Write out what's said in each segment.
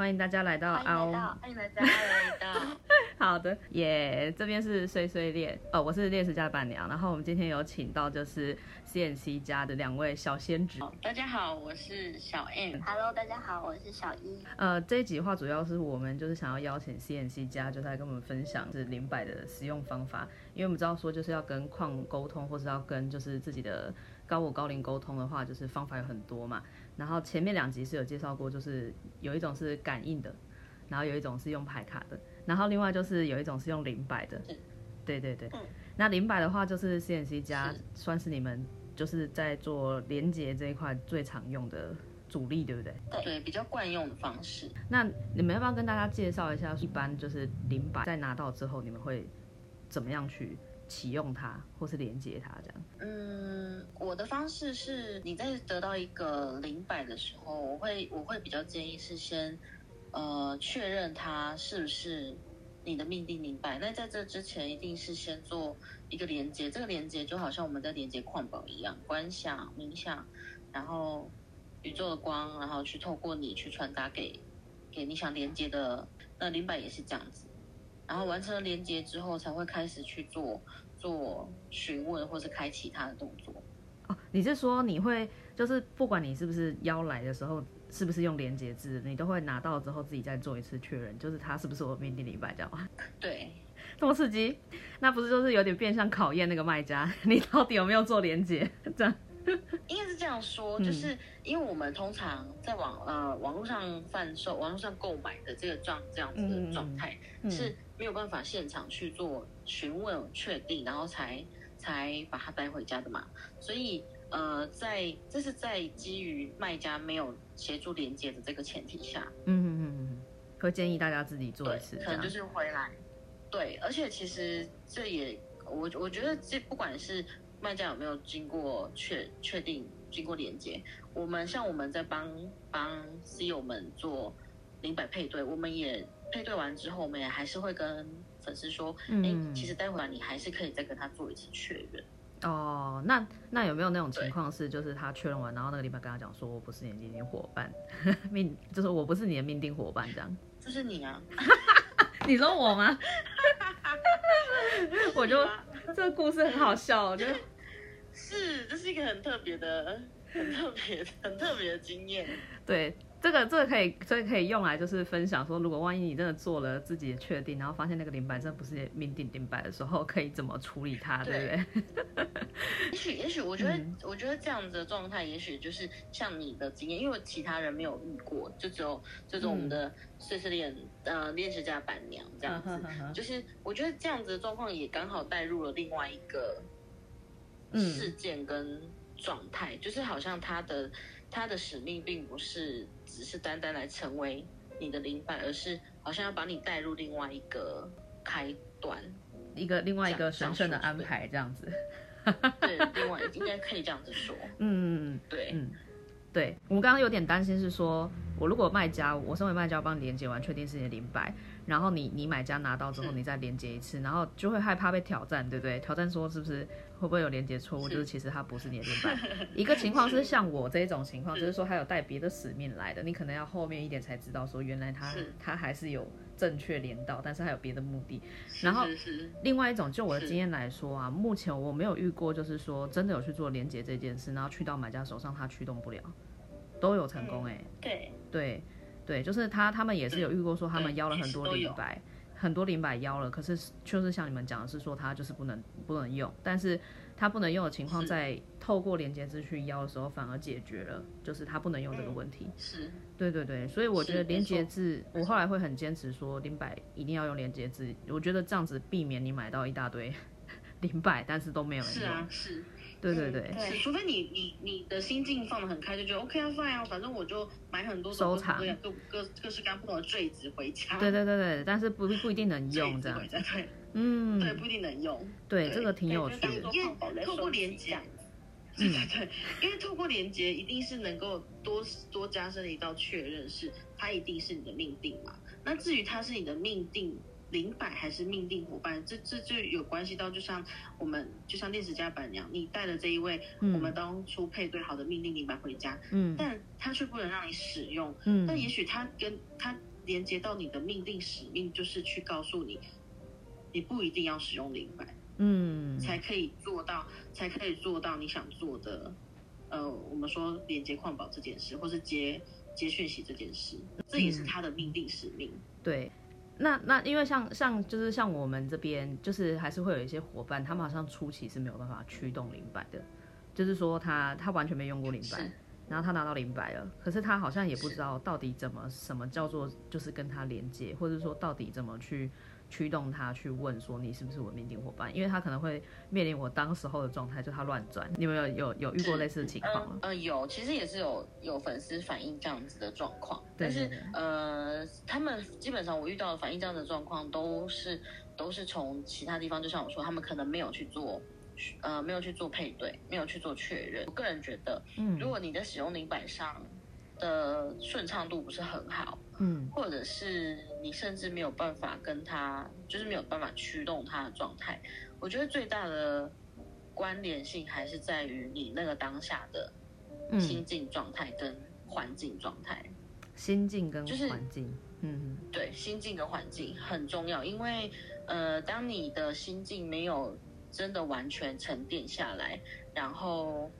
歡迎大家來到 AL。歡迎來歡迎來到。來到來到 好的，耶、yeah，這邊是碎碎瀲，哦，我是烈士家的伴娘。然後我們今天有請到就是 C N C 家的兩位小仙子。大家好，我是小 M。Hello，大家好，我是小 E。呃，這一集的話，主要是我們就是想要邀請 C N C 家，就是來跟我們分享是靈擺的使用方法。因為我們知道說就是要跟礦溝通，或者要跟就是自己的高我高靈溝通的話，就是方法有很多嘛。然後前面兩集是有介紹過，就是有一種是感應的，然後有一種是用牌卡的，然後另外就是有一種是用靈擺的。嗯。對對對。嗯、那靈擺的話，就是 CNC 家，算是你們就是在做連接這一塊最常用的主力，對不對？對。對，比較慣用的方式。那你們要不要跟大家介紹一下，一般就是靈擺在拿到之後，你們會怎麼樣去？啟用它，或是連接它，這樣。嗯，我的方式是，你在得到一個靈擺的時候，我會，我會比較建議是先，呃，確認它是不是你的命定靈擺。那在這之前，一定是先做一個連接。這個連接就好像我們在連接礦寶一樣，觀想、冥想，然後宇宙的光，然後去透過你去傳達給，給你想連接的那靈擺，也是這樣子。然後完成了連結之後，才會開始去做做詢問，或是開啟他的動作。哦，你是說你會就是不管你是不是邀來的時候，是不是用連結字，你都會拿到之後自己再做一次確認，就是他是不是我命定的靈擺？對，這麼刺激，那不是就是有點變相考驗那個賣家，你到底有沒有做連結？這樣。 應該是這樣說，就是因為我們通常在網呃網絡上販售、網絡上購買的這個狀這樣子的狀態，嗯嗯嗯嗯是沒有辦法現場去做詢問、確定，然後才才把它帶回家的嘛。所以呃，在這是在基於賣家沒有協助連結的這個前提下，嗯哼嗯嗯嗯，會建議大家自己做一次，可能就是回來。對，而且其實這也我我覺得這不管是。賣家有沒有經過確確定經過連接？我們像我們在幫幫 C 友們做靈擺配對，我們也配對完之後，我們也還是會跟粉絲說：“嗯、欸，其實待會兒你還是可以再跟他做一次確認。”哦，那那有沒有那種情況是，就是他確認完，然後那個靈擺跟他講說：“我不是你的命定伙伴 命，就是我不是你的命定伙伴。”這樣就是你啊？ 你說我嗎？ 是啊、 我就這個故事很好笑，我就。是，這是一個很特別的、很特別、很特別的經驗。對，這個這個可以，所以可以用來就是分享說，如果萬一你真的做了自己的確定，然後發現那個靈擺真的不是命定靈擺的時候，可以怎麼處理它，對不對 也？也許也許，我覺得、嗯、我覺得這樣子的狀態，也許就是像你的經驗，因為其他人沒有遇過，就只有這種我們的碎碎念、嗯，呃練屍家板娘這樣子、啊呵呵，就是我覺得這樣子的狀況也剛好帶入了另外一個。嗯、事件跟狀態，就是好像他的他的使命，並不是只是單單來成為你的靈擺，而是好像要把你帶入另外一個開端，一個另外一個神聖的安排這樣子。對， 對，另外應該可以這樣子說。嗯，對，嗯，對。我們剛剛有點擔心是說，我如果賣家，我身為賣家幫你連接完，確定是你的靈擺，然後你你買家拿到之後，你再連接一次、嗯，然後就會害怕被挑戰，對不對？挑戰說是不是？會不會有連接錯誤？就是其實他不是你的連接辦。一個情況是像我這一種情況，就是說他有帶別的使命來的，你可能要後面一點才知道，說原來他他還是有正確連到，但是還有別的目的。然後是是另外一種，就我的經驗來說啊，目前我沒有遇過，就是說真的有去做連接這件事，然後去到買家手上他驅動不了，都有成功誒、欸嗯，對對對，就是他他們也是有遇過說，說、嗯、他們要了很多禮拜。很多靈擺邀了，可是就是像你們講的是說它就是不能不能用，但是它不能用的情況，在透過連接字去邀的時候，反而解決了，就是它不能用這個問題。欸、是，對對對，所以我覺得連接字，我後來會很堅持說靈擺一定要用連接字，我覺得這樣子避免你買到一大堆靈擺，但是都沒有人用。是、啊。是對對對，嗯、對，除非你你你的心境放得很開，就覺得 OK 啊，算了、啊、反正我就買很多收藏各各各式各樣不同的墜子回家。對對對對，但是不不一定能用這樣，對，嗯，對，不一定能用。對，對對對這個挺有趣的。因為透過連接，對、嗯、對對，因為透過連接一定是能夠多多加深一道確認是，是它一定是你的命定嘛？那至於它是你的命定。靈擺還是命定夥伴，這這就有關係到，就像我們就像練習家板娘，你帶了這一位，嗯、我們當初配對好的命定靈擺回家，嗯，但他卻不能讓你使用，嗯，但也許他跟他連接到你的命定使命，就是去告訴你，你不一定要使用靈擺，嗯，才可以做到，才可以做到你想做的，呃，我們說連接礦寶這件事，或是接接訊息這件事，嗯，這也是他的命定使命，對。那那因為像像就是像我們這邊就是還是會有一些夥伴，他們好像初期是沒有辦法驅動靈擺的，就是說他他完全沒用過靈擺，然後他拿到靈擺了，可是他好像也不知道到底怎麼什麼叫做就是跟他連接，或者說到底怎麼去。驅動他，去問說，你是不是我的命定夥伴？因為他可能會面臨我當時候的狀態，就他亂轉。你有沒有有有遇過類似的情況嗎？嗯，嗯，有，其實也是有有粉絲反映這樣子的狀況，但是呃，他們基本上我遇到的反映這樣子的狀況，都是都是從其他地方，就像我說，他們可能沒有去做，呃，沒有去做配對，沒有去做確認。我個人覺得，如果你的使用靈擺上的順暢度不是很好，嗯，或者是你甚至沒有辦法跟他，就是沒有辦法驅動他的狀態。我覺得最大的關聯性還是在於你那個當下的心境狀態跟環境狀態。嗯、心境跟環境，就是、嗯，對，心境跟環境很重要，因為呃，當你的心境沒有真的完全沉澱下來，然後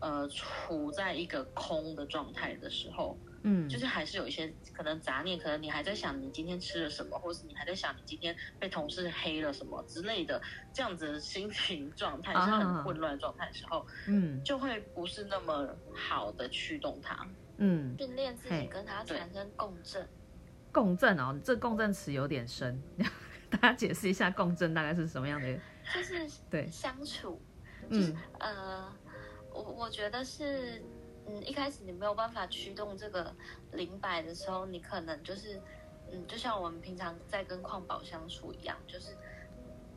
呃，處在一個空的狀態的時候。嗯，就是還是有一些可能雜念，可能你還在想你今天吃了什麼，或是你還在想你今天被同事黑了什麼之類的，這樣子的心情狀態是很混亂狀態的時候，嗯，就會不是那麼好的驅動它，嗯，訓練自己跟他產生共振，共振哦，這共振詞有點深， 大家解釋一下共振大概是什麼樣的一個？就是對相處，就是、嗯呃，我我覺得是。嗯，一開始你沒有辦法驅動這個靈擺的時候，你可能就是，嗯，就像我們平常在跟礦寶相處一樣，就是，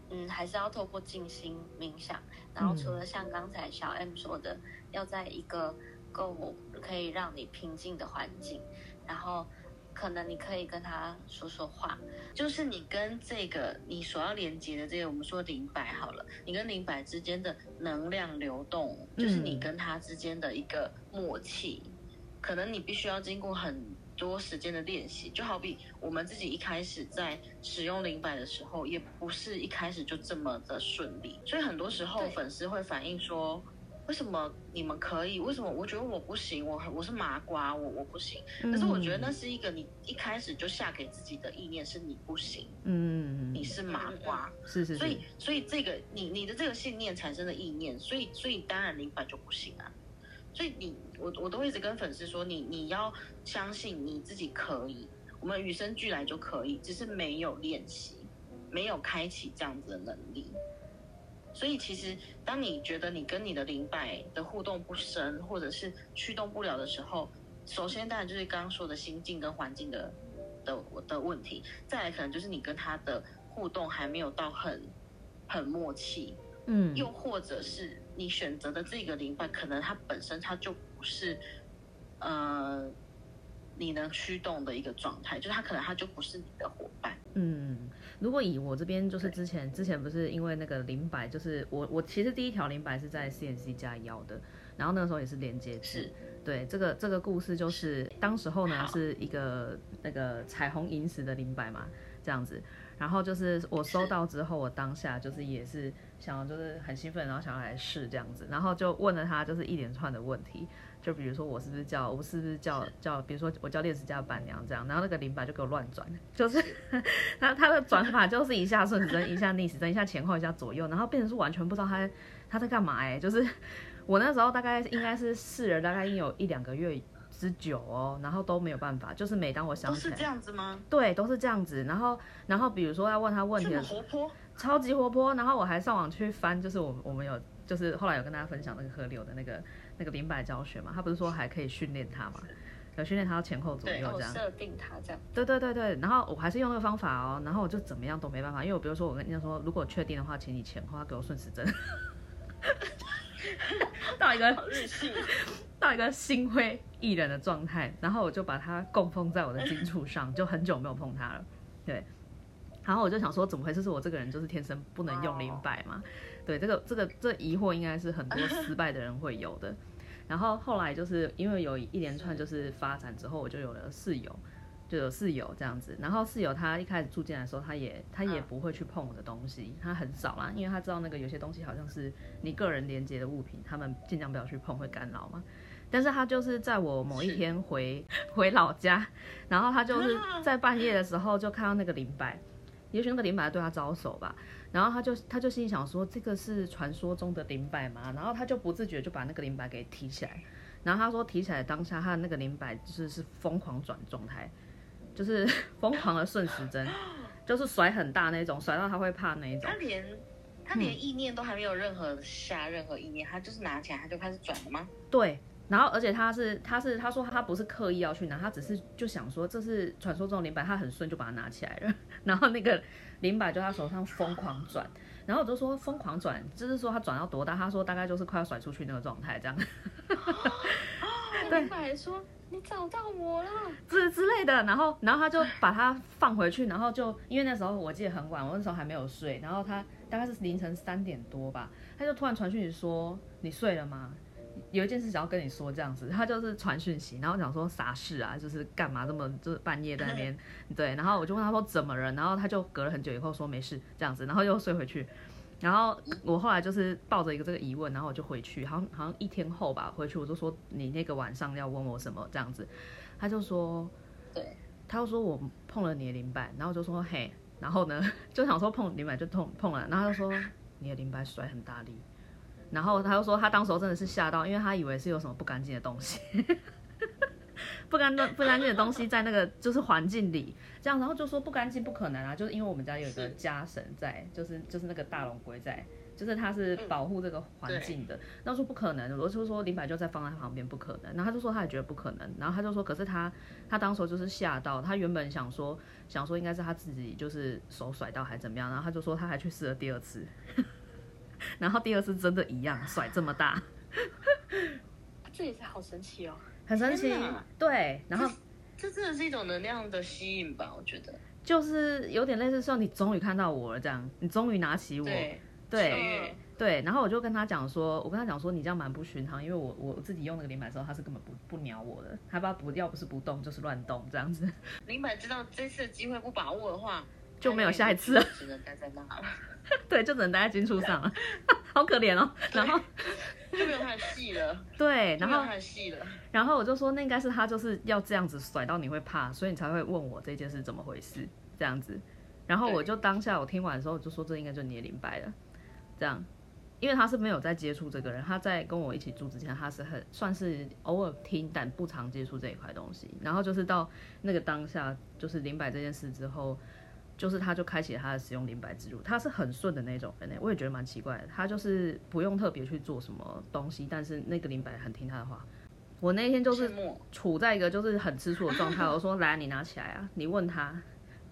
嗯，還是要透過靜心冥想，然後除了像剛才小 M 說的，嗯、要在一個夠可以讓你平靜的環境，然後。可能你可以跟他說說話，就是你跟這個你所要連接的這個我們說靈擺好了，你跟靈擺之間的能量流動，就是你跟他之間的一個默契。可能你必須要經過很多時間的練習，就好比我們自己一開始在使用靈擺的時候，也不是一開始就這麼的順利，所以很多時候粉絲會反映說。為什麼你們可以？為什麼我覺得我不行？我我是麻瓜，我我不行。可是我覺得那是一個你一開始就下給自己的意念，是你不行，嗯，你是麻瓜，是是，是。所以所以這個你你的這個信念產生的意念，所以所以當然靈擺就不行啊。所以你我我都一直跟粉絲說，你你要相信你自己可以，我們與生俱來就可以，只是沒有練習，沒有開啟這樣子的能力。所以其實，當你覺得你跟你的靈擺的互動不深，或者是驅動不了的時候，首先當然就是剛剛說的心境跟環境的的的問題，再來可能就是你跟他的互動還沒有到很很默契，嗯，又或者是你選擇的這個靈擺，可能它本身它就不是，呃，你能驅動的一個狀態，就是它可能它就不是你的夥伴，嗯。如果以我這邊就是之前之前不是因為那個靈擺，就是我我其實第一條靈擺是在 CNC 家要的，然後那個時候也是連接是，對這個這個故事就是，是當時候呢是一個那個彩虹螢石的靈擺嘛這樣子，然後就是我收到之後我當下就是也是想要就是很興奮，然後想要來試這樣子，然後就問了他就是一連串的問題。就比如說我是不是叫，我是不是叫叫，比如說我叫子家加班娘這樣，然後那個靈擺就給我亂轉，就是他他的轉法就是一下順時針，一下逆時針，一下前後，一下左右，然後變成是完全不知道他在他在幹嘛哎，就是我那時候大概應該是試了大概應有一兩個月之久哦，然後都沒有辦法，就是每當我想起都是這樣子嗎？對，都是這樣子。然後然後比如說要問他問題，活潑，超級活潑，然後我還上網去翻，就是我們我們有就是後來有跟大家分享那個河流的那個。那個靈擺教學嘛，他不是說還可以訓練他嘛？要訓練他要前後左右這樣。設定他這樣。對對對對，然後我還是用那個方法哦，然後我就怎麼樣都沒辦法，因為我比如說我跟人家說，如果確定的話，請你前後給我順時針。 到一個好日系，到一個心灰意冷的狀態，然後我就把它供奉在我的基礎上， 就很久沒有碰它了。對，然後我就想說，怎麼回事？是我這個人就是天生不能用靈擺嘛？Wow. 對，這個這個這疑惑應該是很多失敗的人會有的。然後後來就是因為有一連串就是發展之後，我就有了室友，就有室友這樣子。然後室友他一開始住進來的時候，他也他也不會去碰我的東西，他很少啦，因為他知道那個有些東西好像是你個人連接的物品，他們儘量不要去碰，會干擾嘛。但是他就是在我某一天回回老家，然後他就是在半夜的時候就看到那個靈擺，也許那個靈擺對他招手吧。然後他就他就心想說，這個是傳說中的靈擺嘛，然後他就不自覺就把那個靈擺給提起來，然後他說提起來當下他那個靈擺就是是瘋狂轉狀態，就是瘋狂的順時針，就是甩很大那種，甩到他會怕那種。他連他連意念都還沒有任何下任何意念，他就是拿起來他就開始轉了嗎？對，然後而且他是他是他說他不是刻意要去拿，他只是就想說這是傳說中的靈擺，他很順就把它拿起來了，然後那個。林柏就他手上瘋狂轉，然後我就說瘋狂轉，就是說他轉到多大？他說大概就是快要甩出去那個狀態這樣。哦哦、 林柏說你找到我了之之類的，然後然後他就把它放回去，然後就因為那時候我記得很晚，我那時候還沒有睡，然後他大概是凌晨三點多吧，他就突然傳訊息說你睡了嗎？有一件事想要跟你說，這樣子，他就是傳訊息，然後我想說啥事啊，就是幹嘛這麼就是半夜在那邊，對，然後我就問他說怎麼了？然後他就隔了很久以後說沒事這樣子，然後又睡回去，然後我後來就是抱着一個這個疑問，然後我就回去，好像好像一天後吧回去我就說你那個晚上要問我什麼這樣子，他就說，對，他又說我碰了你的靈擺，然後就說嘿，然後呢就想說碰靈擺就碰碰了，然後他就說你的靈擺甩很大力。然後他又說，他當時候真的是嚇到，因為他以為是有什麼不乾淨的東西，呵呵不乾不不乾淨的東西在那個就是環境裡，這樣，然後就說不乾淨不可能啊，就是因為我們家有一個家神在，就是就是那個大龍龜在，就是他是保護這個環境的。那、嗯、我說不可能，我就說靈擺就在放在他旁邊不可能，然後他就說他也覺得不可能，然後他就說可是他他當時候就是嚇到，他原本想說想說應該是他自己就是手甩到還是怎麼樣，然後他就說他還去試了第二次。 然後第二次真的一樣甩這麼大， 啊，這也是好神奇哦，很神奇。對，然後這，這真的是一種能量的吸引吧，我覺得就是有點類似說你終於看到我了這樣，你終於拿起我，對對，對，對。然後我就跟他講說，我跟他講說你這樣蠻不尋常，因為我我自己用那個靈擺的時候，他是根本不不鳥我的，他不，不要不是不動就是亂動這樣子。靈擺知道這次機會不把握的話，就沒有下一次了，只能待在那了。對，就只能待在金畜上了， 好可憐哦。然後就沒有他的戲了。 對，然後了。然後我就說，那應該是他就是要這樣子甩到你會怕，所以你才會問我這件事怎麼回事這樣子。然後我就當下我聽完的時候，我就說這應該就你也靈擺了。這樣，因為他是沒有在接觸這個人，他在跟我一起住之前，他是很算是偶爾聽，但不常接觸這一塊東西。然後就是到那個當下，就是靈擺這件事之後。就是他，就開啟他的使用靈擺之路，他是很順的那種人呢、欸，我也覺得蠻奇怪的。他就是不用特別去做什麼東西，但是那個靈擺很聽他的話。我那天就是處在一個就是很吃醋的狀態，我說來，你拿起來啊，你問他，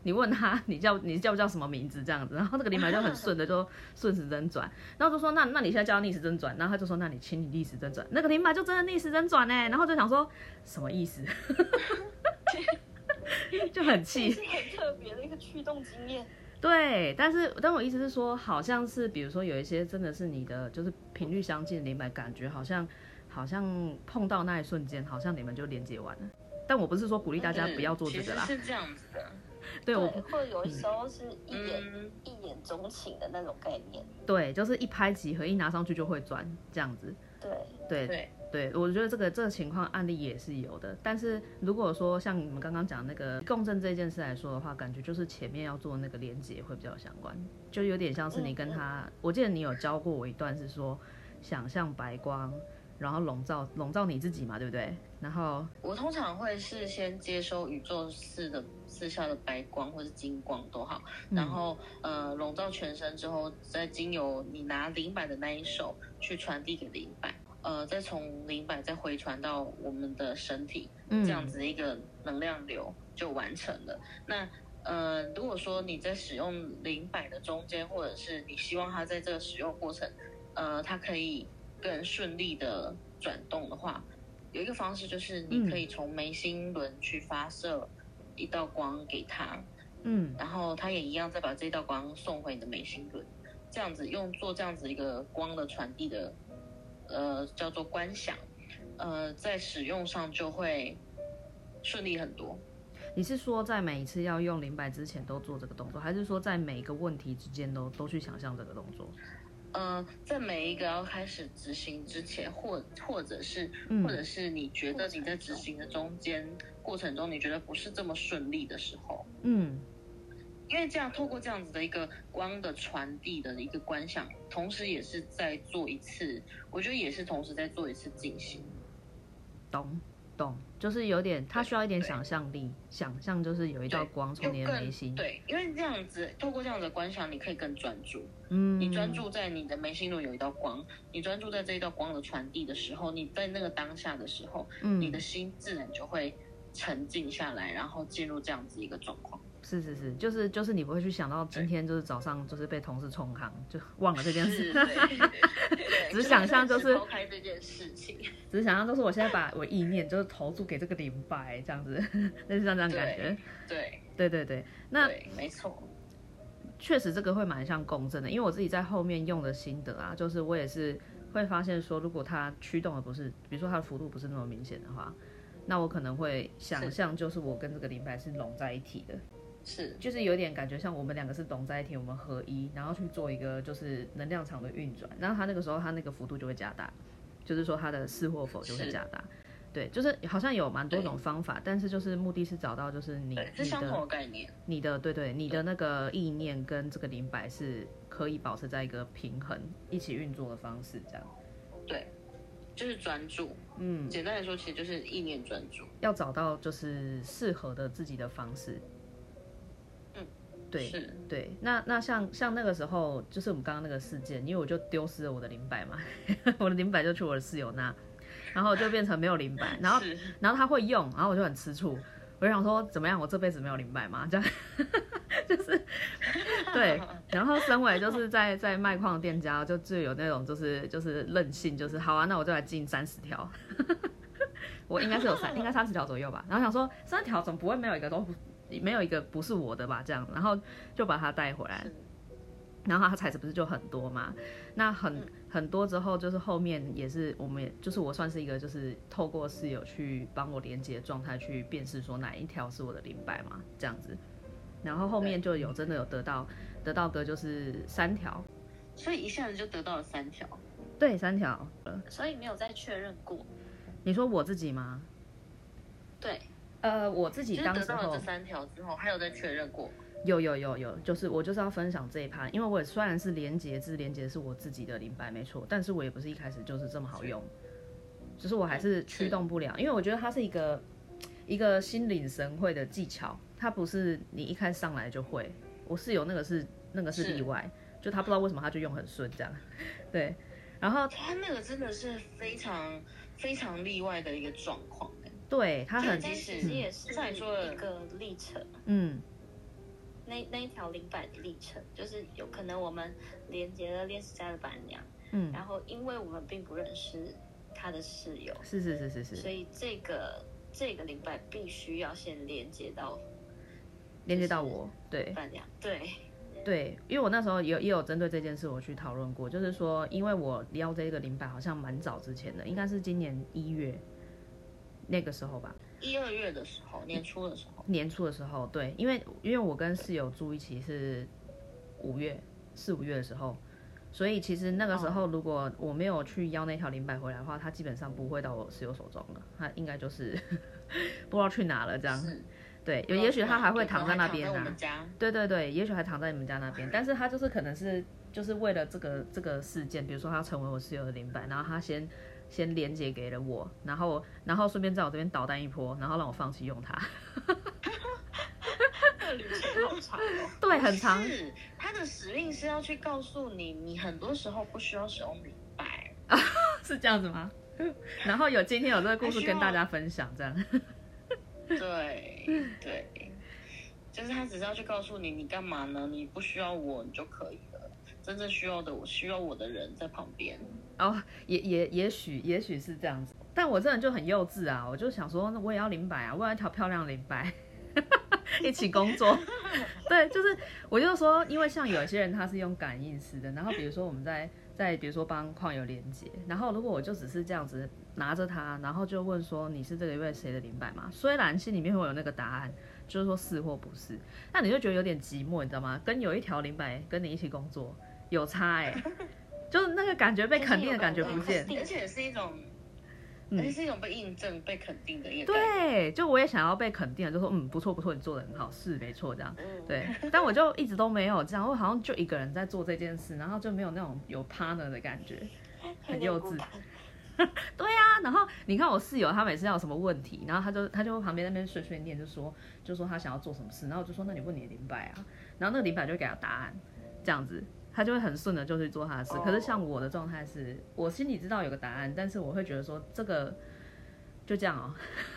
你問他，你叫你叫不叫什麼名字這樣子，然後那個靈擺就很順的就順時針轉，然後就說那那你現在叫逆時針轉，然後他就說那你請你逆時針轉，那個靈擺就真的逆時針轉呢，然後就想說什麼意思？ 就很氣，是很特別的一個驅動經驗。 對，但是，但我意思是說，好像是，比如說，有一些真的是你的，就是頻率相近，你們的感覺好像，好像碰到那一瞬間，好像你們就連接完了。但我不是說鼓勵大家不要做這個啦，嗯、是這樣子的。對，對我會有時候是一眼、嗯、一眼鍾情的那種概念。對，就是一拍即合，一拿上去就會轉，這樣子。對對對。對，我覺得這個這個情況案例也是有的。但是如果說像你們剛剛講那個共振這件事來說的話，感覺就是前面要做那個連接會比較相關，就有點像是你跟他，嗯嗯、我記得你有教過我一段，是說想象白光，然後籠罩籠罩你自己嘛，對不對？然後我通常會是先接收宇宙四的四下的白光或是金光都好，嗯、然後呃籠罩全身之後，再經由你拿靈擺的那一手去傳遞給靈擺。呃，再從靈擺再回傳到我們的身體，嗯，這樣子一個能量流就完成了。那呃，如果說你在使用靈擺的中間，或者是你希望它在這個使用過程，呃，它可以更順利的轉動的話，有一個方式就是你可以從眉心輪去發射一道光給它，嗯，然後它也一樣再把這道光送回你的眉心輪，這樣子用做這樣子一個光的傳遞的。呃，叫做觀想，呃，在使用上就會順利很多。你是說在每一次要用靈擺之前都做這個動作，還是說在每一個問題之間都都去想象這個動作？呃，在每一個要開始執行之前，或者或者是、嗯，或者是你覺得你在執行的中間過程中，你覺得不是這麼順利的時候，嗯。因為這樣，透過這樣子的一個光的傳遞的一個觀想，同時也是在做一次，我覺得也是同時在做一次進行。懂懂，就是有點，它需要一點想象力，想象就是有一道光從你的眉心，對，對，因為這樣子，透過這樣子的觀想，你可以更專注，嗯，你專注在你的眉心中有一道光，你專注在這一道光的傳遞的時候，你在那個當下的時候，嗯，你的心自然就會沉靜下來，然後進入這樣子一個狀況。是是是，就是就是你不會去想到今天就是早上就是被同事衝康、欸，就忘了這件事，是對對對對對對 只是想象就是拋開這件事情，只想、就是對對對只想象就是我現在把我意念就是投注給這個靈擺這，這樣子，那就像這樣感覺，對對對對，那對沒錯，確實這個會蠻像共振的，因為我自己在後面用的心得啊，就是我也是會發現說，如果它驅動的不是，比如說它的幅度不是那麼明顯的話，那我可能會想象就是我跟這個靈擺是融在一起的。是，就是有點感覺像我們兩個是同在一起，我們合一，然後去做一個就是能量場的運轉，然後他那個時候他那個幅度就會加大，就是說他的是或否就會加大，對，就是好像有蠻多種方法，但是就是目的是找到就是你，這相同的概念，你的對對，對，對，你的那個意念跟這個靈擺是可以保持在一個平衡一起運作的方式，這樣，對，就是專注，嗯，簡單來說其實就是意念專注，要找到就是適合的自己的方式。對對，那那像像那個時候，就是我們剛剛那個事件，因為我就丟失了我的靈擺嘛， 我的靈擺就去我的室友那，然後就變成沒有靈擺，然後然後他會用，然後我就很吃醋，我就想說怎麼樣，我這輩子沒有靈擺嘛，這樣 就是對，然後身為就是在在賣礦店家，就就有那種就是就是任性，就是、就是、好啊，那我就來進三十條， 我應該是有三，應該三十條左右吧，然後想說三十條總不會沒有一個都不。沒有一個不是我的吧？這樣，然後就把它帶回來，是然後他彩色不是就很多嘛？那很、嗯、很多之後，就是後面也是我們也，就是我算是一個，就是透過室友去幫我連接的狀態去辨識，說哪一條是我的靈擺嘛？這樣子，然後後面就有真的有得到，得到的就是三條，所以一下子就得到了三條，對，三條，所以沒有再確認過。你說我自己嗎？對。呃，我自己當時、就是、得到了這三條之後，還有在確認過，有有有有，就是我就是要分享這一趴，因為我也雖然是連結之連結是我自己的靈擺沒錯，但是我也不是一開始就是這麼好用，只是，就是我還是驅動不了、嗯，因為我覺得它是一個一個心領神會的技巧，它不是你一開上來就會，我是有那個是那個是例外，就他不知道為什麼他就用很順這樣，對，然後他那個真的是非常非常例外的一個狀況。對，他很其實也是在做一個歷程。嗯，那那一條靈擺的歷程，就是有可能我們連接了練習家的板娘。嗯，然後因為我們並不認識他的室友。是是是是是。所以這個這個靈擺必須要先連接到連接到我。對。伴娘。對。對，因為我那時候也有也有針對這件事我去討論過，就是說，因為我撩這個靈擺好像蠻早之前的，應該是今年一月。那個時候吧，一二月的時候，年初的時候，年初的時候，對，因為因為我跟室友住一起是五月，四五月的時候，所以其實那個時候如果我沒有去要那條靈擺回來的話，他基本上不會到我室友手中了，他應該就是不知道去哪了這樣子。對，也許他還會躺在那邊、啊、對對對，也許還躺在你們家那邊，但是他就是可能是就是為了這個這個事件，比如說他成為我室友的靈擺，然後他先。先連接給了我，然後然後順便在我這邊搗蛋一波，然後讓我放棄用它。哈哈哈！哈哈哈！哈哈哈！這個旅程好長、哦。對，很長、哦。是，他的使命是要去告訴你，你很多時候不需要使用靈擺。啊、哦，是這樣子嗎？然後有今天有這個故事跟大家分享這樣。對對，就是他只是要去告訴你，你幹嘛呢？你不需要我你就可以了。真正需要的我，我需要我的人在旁邊。哦、oh，也也許也許也許是這樣子，但我這人就很幼稚啊，我就想說，那我也要靈擺啊，我要一條漂亮的靈擺， 一起工作。 對，就是我就說，因為像有一些人他是用感應式的，然後比如說我們在在比如說幫礦友連結，然後如果我就只是這樣子拿着它，然後就問說，你是這一位誰的靈擺嘛？雖然心裡面會有那個答案，就是說是或不是，那你就覺得有點寂寞，你知道嗎？跟有一條靈擺跟你一起工作有差哎、欸。就是那個感覺被肯定的感覺，不見，而且是一種，而且是一種被印證、被肯定的印證。對，就我也想要被肯定，就說嗯不錯不錯，你做的很好，是沒錯這樣。對，但我就一直都沒有這樣，我好像就一個人在做這件事，然後就沒有那種有 partner 的感覺，很幼稚。對呀、啊，然後你看我室友，他每次要有什麼問題，然後他就他就旁邊那邊碎碎念，就說就說他想要做什麼事，然後我就說那你問你的靈擺啊，然後那個靈擺就給他答案，這樣子。他就會很順的，就去做他的事。Oh. 可是像我的狀態是，我心裡知道有個答案，但是我會覺得說這個就這樣哦、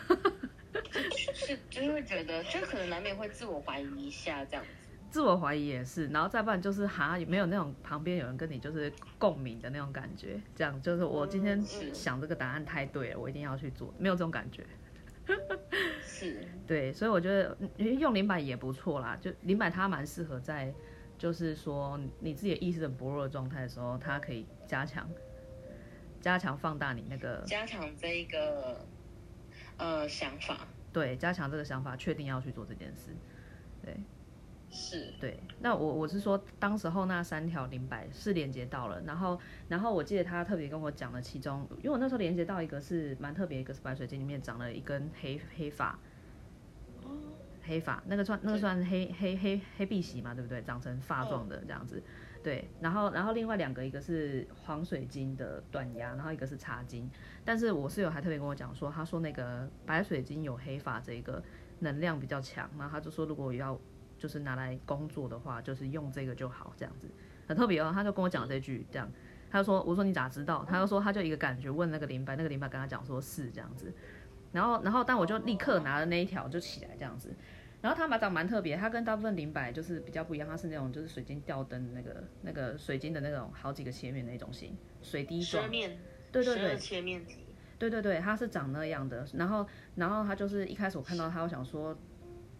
喔， 是，就會覺得就可能難免會自我懷疑一下這樣子。自我懷疑也是，然後再不然就是哈，也沒有那種旁邊有人跟你就是共鳴的那種感覺，這樣就是我今天想這個答案太對了、mm,，我一定要去做，沒有這種感覺。 是，對，所以我覺得因為用靈擺也不錯啦，就靈擺它蠻適合在。就是說，你自己的意識很薄弱的狀態的時候，它可以加強、加強、放大你那個加強這一個呃想法。對，加強這個想法，確定要去做這件事。對，是。對，那我我是說，當時候那三條靈擺是連接到了，然後，然後我記得他特別跟我講了，其中，因為我那時候連接到一個是蠻特別的，一個是白水晶裡面長了一根黑黑髮。黑髮那個算那個算黑黑黑黑碧璽嘛，對不對？長成髮狀的這樣子，對。然後然後另外兩個，一個是黃水晶的短牙，然後一個是茶晶。但是我室友還特別跟我講說，他說那個白水晶有黑髮這一個能量比較強，然後他就說如果我要就是拿來工作的話，就是用這個就好這樣子，很特別哦。他就跟我講這句這樣，他就說我說你咋知道？他就說他就一個感覺問那個靈擺，那個靈擺跟他講說是這樣子。然後然後但我就立刻拿了那一條就起來這樣子。然後它嘛長蠻特別，它跟大部分靈擺就是比較不一樣，它是那種就是水晶吊燈那個那個水晶的那種好幾個切面那種型，水滴狀，切面，對對對，切面，對對對，它是長那樣的。然後然後它就是一開始我看到它，我想說，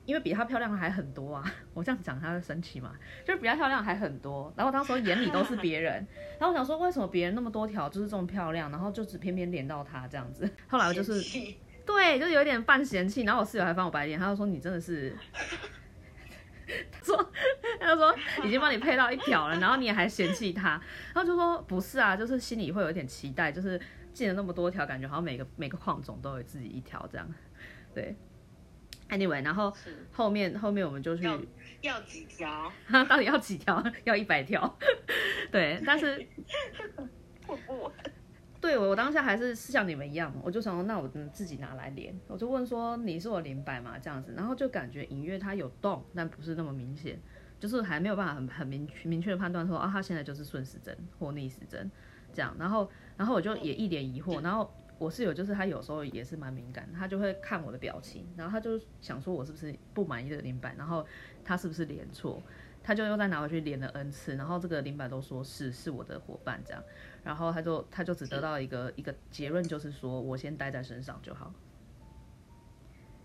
因為比它漂亮還很多啊，我這樣講它的神奇嘛？就是比它漂亮還很多。然後當時眼裡都是別人， 然後我想說為什麼別人那麼多條就是這麼漂亮，然後就只偏偏連到它這樣子。後來我就是。去去對，就是有點半嫌棄，然後我室友還翻我白眼，他就說你真的是， 他就說他就說已經幫你配到一條了， 然後你也還嫌棄他，然後就說不是啊，就是心裡會有一點期待，就是進了那麼多條，感覺好像每個每個礦種都有自己一條這樣，對。Anyway，然後後面後面我們就去要，要幾條？啊，到底要幾條？ 要一百條？ 對，但是我 不。對，我當下還是是像你們一樣，我就想說，那我自己拿來連，我就問說，你是我靈擺嗎這樣子？然後就感覺隱約它有動，但不是那麼明顯，就是還沒有辦法很很明明確的判斷說啊，他現在就是順時針或逆時針這樣，然後然後我就也一臉疑惑，然後我室友就是他有時候也是蠻敏感，他就會看我的表情，然後他就想說我是不是不滿意的靈擺，然後他是不是連錯。他就又再拿回去連了 n 次，然後這個靈擺都說是是我的夥伴這樣，然後他就他就只得到一個、嗯、一個結論，就是說我先戴在身上就好，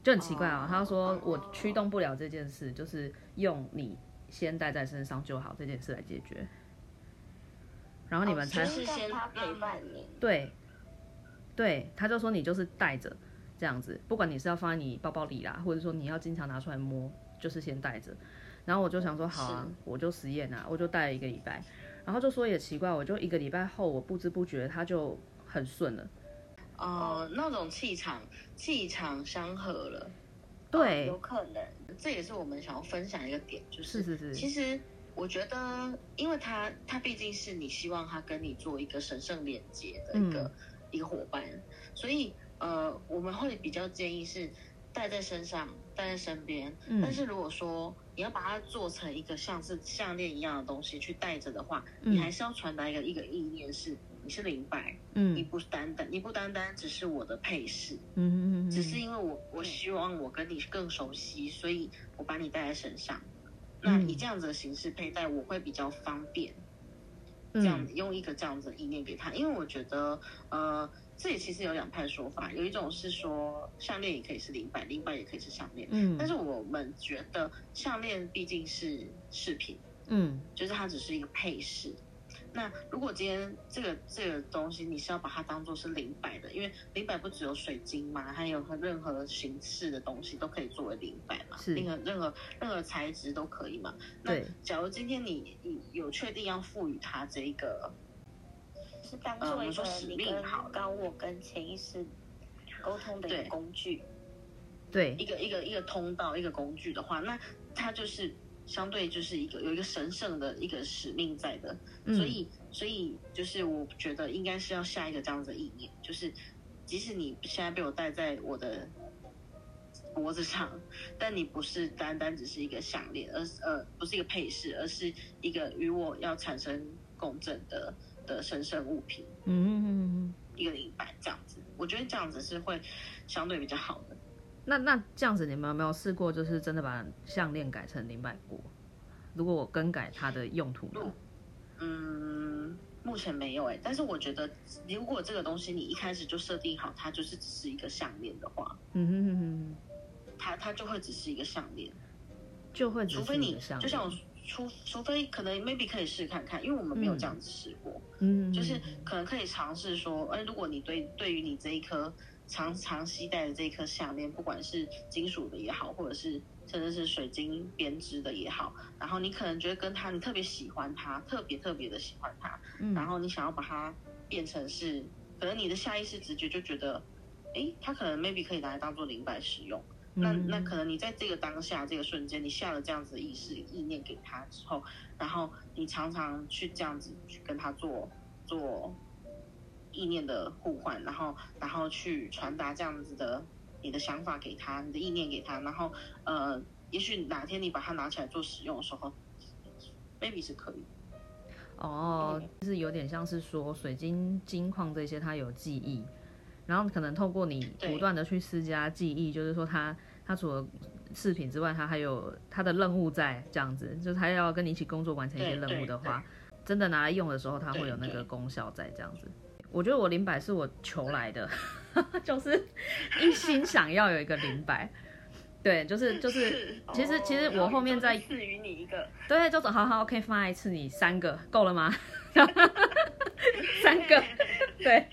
就很奇怪啊、哦哦。他說我驅動不了這件事，哦、就是用你先戴在身上就好、哦、這件事來解決。然後你們才是先他陪伴你。對對，他就說你就是帶着這樣子，不管你是要放在你包包裡啦，或者說你要經常拿出來摸，就是先帶着。然後我就想說，好啊，我就實驗啊，我就戴了一個禮拜，然後就說也奇怪，我就一個禮拜後，我不知不覺他就很順了，哦、呃，那種氣場氣場相合了，對、呃，有可能，這也是我們想要分享一個點，就是是是是，其實我覺得，因為他他畢竟是你希望他跟你做一個神聖連接的一個、嗯、一個夥伴，所以呃，我們會比較建議是戴在身上。帶在身邊，但是如果說你要把它做成一個像是項鏈一樣的東西去戴着的話，你還是要傳達一個一個意念是，是你是靈擺、嗯，你不單單你不單單只是我的配飾，嗯嗯嗯，只是因為我我希望我跟你更熟悉，所以我把你帶在身上、嗯。那以這樣子的形式佩戴，我會比較方便。這樣子用一個這樣子的意念給他，因為我覺得，呃。這裡其實有兩派說法，有一種是說項鏈也可以是靈擺，靈擺也可以是項鏈。嗯，但是我們覺得項鏈畢竟是飾品，嗯，就是它只是一個配飾。那如果今天這個這個東西你是要把它當做是靈擺的，因為靈擺不只有水晶嘛，還有任何形式的東西都可以作為靈擺嘛，是任何任何任何材質都可以嘛。那假如今天你你有確定要賦予它這一個。是當做一個使命，剛好我跟潛意識溝通的一個工具，對，對一個一個一個通道，一個工具的話，那它就是相對就是一個有一個神聖的一個使命在的，所以、嗯、所以就是我覺得應該是要下一個這樣子的意念，就是即使你現在被我戴在我的脖子上，但你不是單單只是一個項鏈，而是呃不是一個配飾，而是一個與我要產生共振的的神聖物品，嗯哼哼嗯，一個靈擺這樣子，我覺得這樣子是會相對比較好的。那那這樣子，你們有沒有試過，就是真的把項鏈改成靈擺過？如果我更改它的用途呢？嗯，目前沒有哎、欸，但是我覺得，如果這個東西你一開始就設定好，它就是只是一個項鏈的話，嗯哼哼哼，它它就會只是一個項鏈，就會除非你就像我。除除非可能，maybe 可以試看看，因為我們沒有這樣子試過、嗯，就是可能可以嘗試說，哎、嗯，如果你對對於你這一顆長長期戴的這一顆項鏈，不管是金屬的也好，或者是甚至是水晶編織的也好，然後你可能覺得跟它，你特別喜歡它，特別特別的喜歡它、嗯，然後你想要把它變成是，可能你的下意識直覺就覺得，誒，它可能 maybe 可以拿來當做靈擺使用。那那可能你在這個當下這個瞬間，你下了這樣子的意識意念給他之後，然後你常常去這樣子去跟他做做意念的互換，然後然後去傳達這樣子的你的想法給他，你的意念給他，然後呃，也許哪天你把它拿起來做使用的時候 maybe 是可以。哦，就是有點像是說水晶金礦這些，它有記憶。然後可能透過你不斷的去施加記憶，就是說他他除了飾品之外，他還有他的任務在這樣子，就是他要跟你一起工作完成一些任務的話，真的拿來用的時候他會有那個功效在這樣子。我覺得我靈擺是我求來的， 就是一心想要有一個靈擺， 對，就是就是，是，其實其實我後面再賜予你一個，對，就是好好 OK，放下一次你三個夠了嗎？ 三個，對。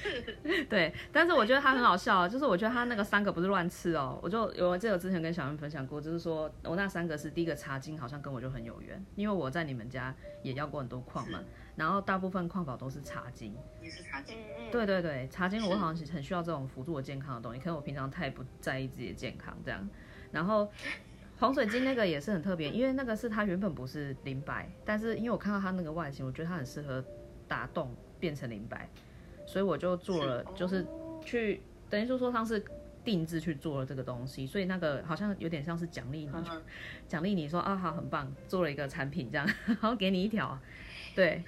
對，但是我覺得他很好笑，就是我覺得他那個三個不是亂吃哦，我就我記得我之前跟小 E 分享過，就是說我那三個是第一個茶晶，好像跟我就很有緣，因為我在你們家也要過很多礦嘛，然後大部分礦寶都是茶晶。也是茶晶，對對對，茶晶，我好像很需要這種輔助我健康的東西，是可是我平常太不在意自己的健康這樣，然後黃水晶那個也是很特別，因為那個是它原本不是靈擺，但是因為我看到它那個外形，我覺得它很適合打洞變成靈擺。所以我就做了，就是去等於說說上次定制，去做了這個東西，所以那個好像有點像是獎勵你，獎勵 你說啊好很棒，做了一個產品這樣，然後給你一條，對，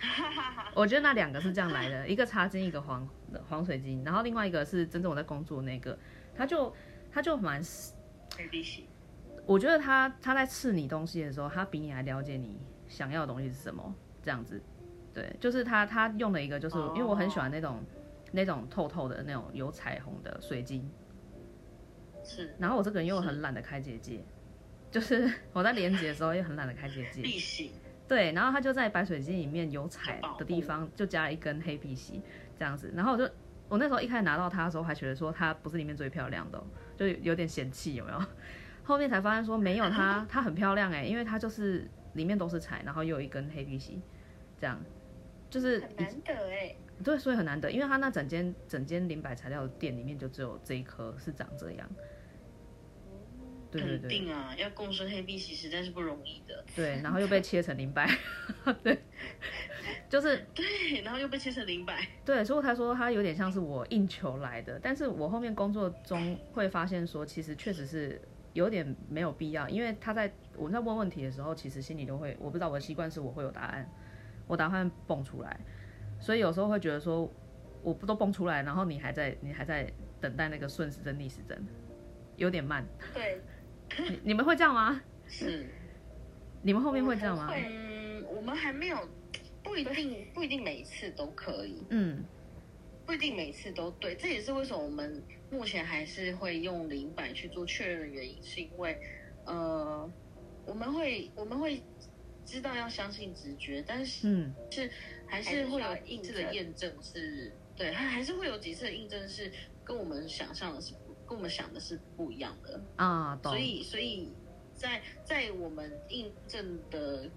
我覺得那兩個是這樣來的，一個茶晶，一個黃黃水晶，然後另外一個是真正我在工作那個，他就他就蠻 b 我覺得他他在賜你東西的時候，他比你還了解你想要的東西是什麼，這樣子。對，就是他，他用了一個，就是因為我很喜歡那種，哦、那種透透的那種有彩虹的水晶，是。然後我這個人又很懶得開結界，就是我在連接的時候又很懶得開結界。碧璽。對，然後他就在白水晶裡面有彩的地方就加了一根黑碧璽這樣子。然後我就我那時候一開始拿到它的時候還覺得說它不是裡面最漂亮的，喔，就有點嫌棄有沒有，後面才發現說沒有它，它、嗯、很漂亮哎，欸，因為它就是裡面都是彩，然後又有一根黑碧璽，這樣。就是很難得哎、欸，對，所以很難得，因為他那整間整間靈擺材料店裡面就只有這一顆是長這樣。嗯、對，對、對肯定啊，要共生黑碧璽實，實在是不容易的。對，然後又被切成靈擺， 對，就是對，然後又被切成靈擺。對，所以他說他有點像是我硬求來的，但是我後面工作中會發現說，其實確實是有點沒有必要，因為他在我在問問題的時候，其實心裡都會，我不知道我的習慣是我會有答案。我打算蹦出來，所以有時候會覺得說我不都蹦出來，然後你還在，你還在等待那個順時針逆時針，有點慢。對，你，你們會這樣嗎？是，你們後面會這樣嗎？嗯，我們還沒有，不一定，不一定每一次都可以。嗯，不一定每一次都對。這也是為什麼我們目前還是會用靈擺去做確認的原因，是因為呃，我們會，我們會。知道要相信直覺，但是是還是會有印證的，驗證是，嗯、是證，對，它還是會有幾次的印證是跟我們想象的是跟我們想的是不一樣的啊、嗯。所以，所以在在我們印證的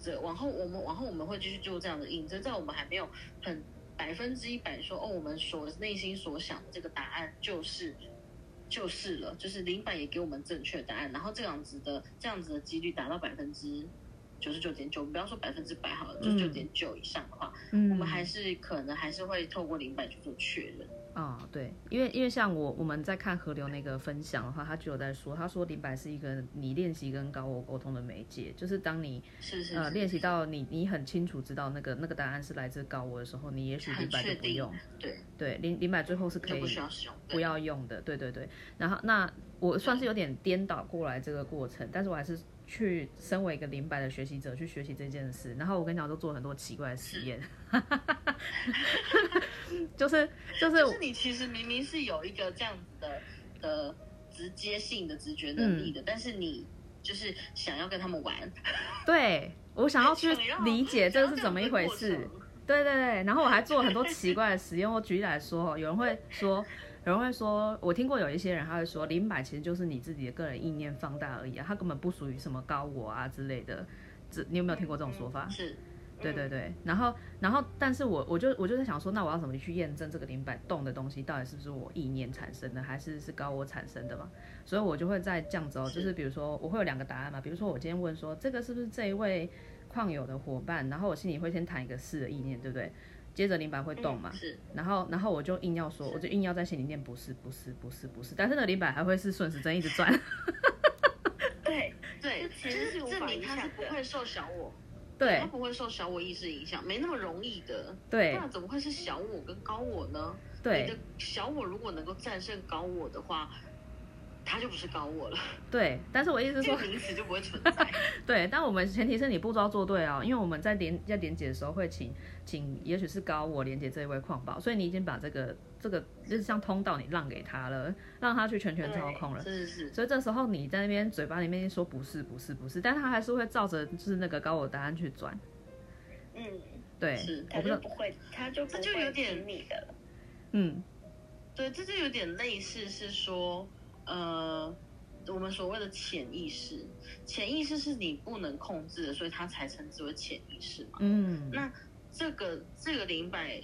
這往後，我們往後我們會繼續做這樣的印證，在我們還沒有很百分之一百說哦，我們所內心所想的這個答案就是就是了，就是靈擺也給我們正確的答案，然後這樣子的這樣子的幾率達到百分之。九十九點九，不要說百分之百，好了，九十九點九以上的話，嗯，我們還是可能還是會透過靈擺去做確認。啊、哦，對，因為因為像我我們在看河流那個分享的話，他就有在說，他說靈擺是一個你練習跟高我溝通的媒介，就是當你是是是是呃是是是練習到你你很清楚知道那個那個答案是來自高我的時候，你也許靈擺是不用。對對，靈靈擺最後是可以不需要使用，不要用的。對對對，對，然後那我算是有點顛倒過來這個過程，但是我還是。去身為一個靈擺的學習者去學習這件事，然後我跟你講，我都做很多奇怪的實驗，是 就是就是就是你其實明明是有一個這樣子的的直接性的直覺能力的，的、嗯，但是你就是想要跟他們玩，對我想要去理解這是怎麼一回事，回對對對，然後我還做很多奇怪的實驗。我 舉例來說，有人會說。有人會說，我聽過有一些人，他會說靈擺其實就是你自己的個人意念放大而已啊，他根本不屬於什麼高我啊之類的。這你有沒有聽過這種說法？嗯，是，對對對。然後，然後，但是我我就我就在想說，那我要怎麼去驗證這個靈擺動的東西到底是不是我意念產生的，還是是高我產生的嘛？所以我就會在這樣子哦，就是比如說，我會有兩個答案嘛，比如說我今天問說這個是不是這一位礦友的夥伴，然後我心裡會先談一個是的意念，對不對？接着靈擺會動嘛？嗯、然後然後我就硬要說，我就硬要在心裡面不是不是不是不是，但是呢，靈擺還會是順時針一直轉。對 對，對就是、證明他是不會受小我，對，它不會受小我意識影響，沒那麼容易的。對，那怎麼會是小我跟高我呢？對，你的小我如果能夠戰勝高我的話。他就不是高我了，對，但是我意思是說，從此就不會存在。 對，但我們前提是你步驟做對啊，因為我們在連在連結的時候會請請，也許是高我連結這一位礦寶，所以你已經把這個這個就是像通道你讓給他了，讓他去全權操控了，是是是。所以這時候你在那邊嘴巴裡面說不是不是不是，但他還是會照着就是那個高我的答案去轉。嗯，對是，他就不會，不他就這就有點你的了。嗯，對，這就有點類似是說。呃，我們所謂的潛意識，潛意識是你不能控制的，所以它才稱之為潛意識嘛。嗯。那這個這個靈擺，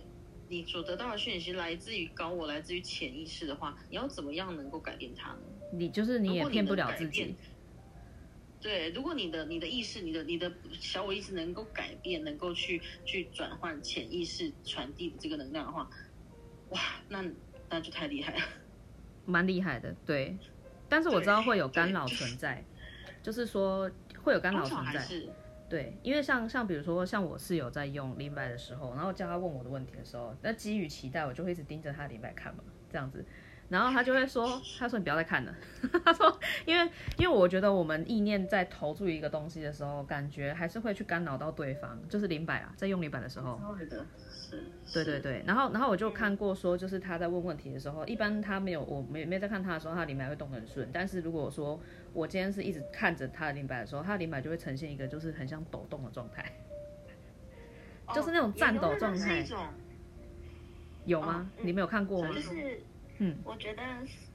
你所得到的訊息來自於高我，來自於潛意識的話，你要怎麼樣能夠改變它呢？你就是你也騙不了自己。對，如果你的你的意識、你的你的小我意識能夠改變，能夠去去轉換潛意識傳遞的這個能量的話，哇，那那就太厲害了。蠻厲害的，對，但是我知道會有干擾存在，就是說會有干擾存在，對，因為像像比如說像我室友在用靈擺的時候，然後叫他問我的問題的時候，那基於期待，我就會一直盯着他的靈擺看嘛，這樣子，然後他就會說，他說你不要再看了， 他說因為因為我覺得我們意念在投注一個東西的時候，感覺還是會去干擾到對方，就是靈擺啊，在用靈擺的時候。對對對，然後然後我就看過說，就是他在問問題的時候，嗯、一般他沒有，我沒沒在看他的時候，他的靈擺會動得很順。但是如果說我今天是一直看着他的靈擺的時候，他的靈擺就會呈現一個就是很像抖動的狀態，哦、就是那種顫抖狀態。有嗎、哦嗯？你沒有看過嗎？就是，嗯，就是、我覺得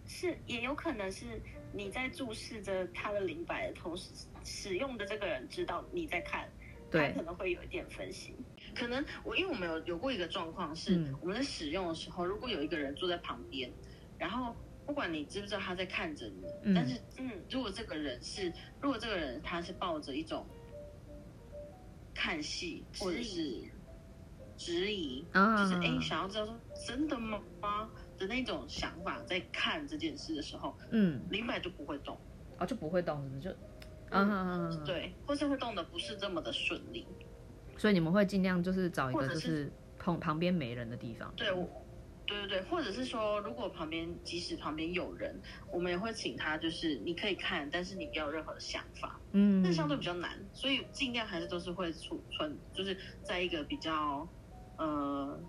是也有可能是你在注視着他的靈擺的同時，使用的這個人知道你在看，對他可能會有一點分析。可能我，因為我們有有過一個狀況是、嗯，我們在使用的時候，如果有一個人坐在旁邊，然後不管你知不知道他在看着你、嗯，但是，嗯，如果這個人是，如果這個人他是抱着一種看戲或者是質疑，啊，就是實哎、啊欸，想要知道說真的嗎的那種想法，在看這件事的時候，嗯，靈擺就不會動，啊，就不會動，就，嗯、啊啊啊，對，或是會動的不是這麼的順利。所以你們會盡量就是找一個就是旁旁邊沒人的地方。對，我，對對對，或者是說，如果旁邊即使旁邊有人，我們也會請他，就是你可以看，但是你不要有任何的想法，嗯，那相對比較難，所以盡量還是都是會儲存，就是在一個比較呃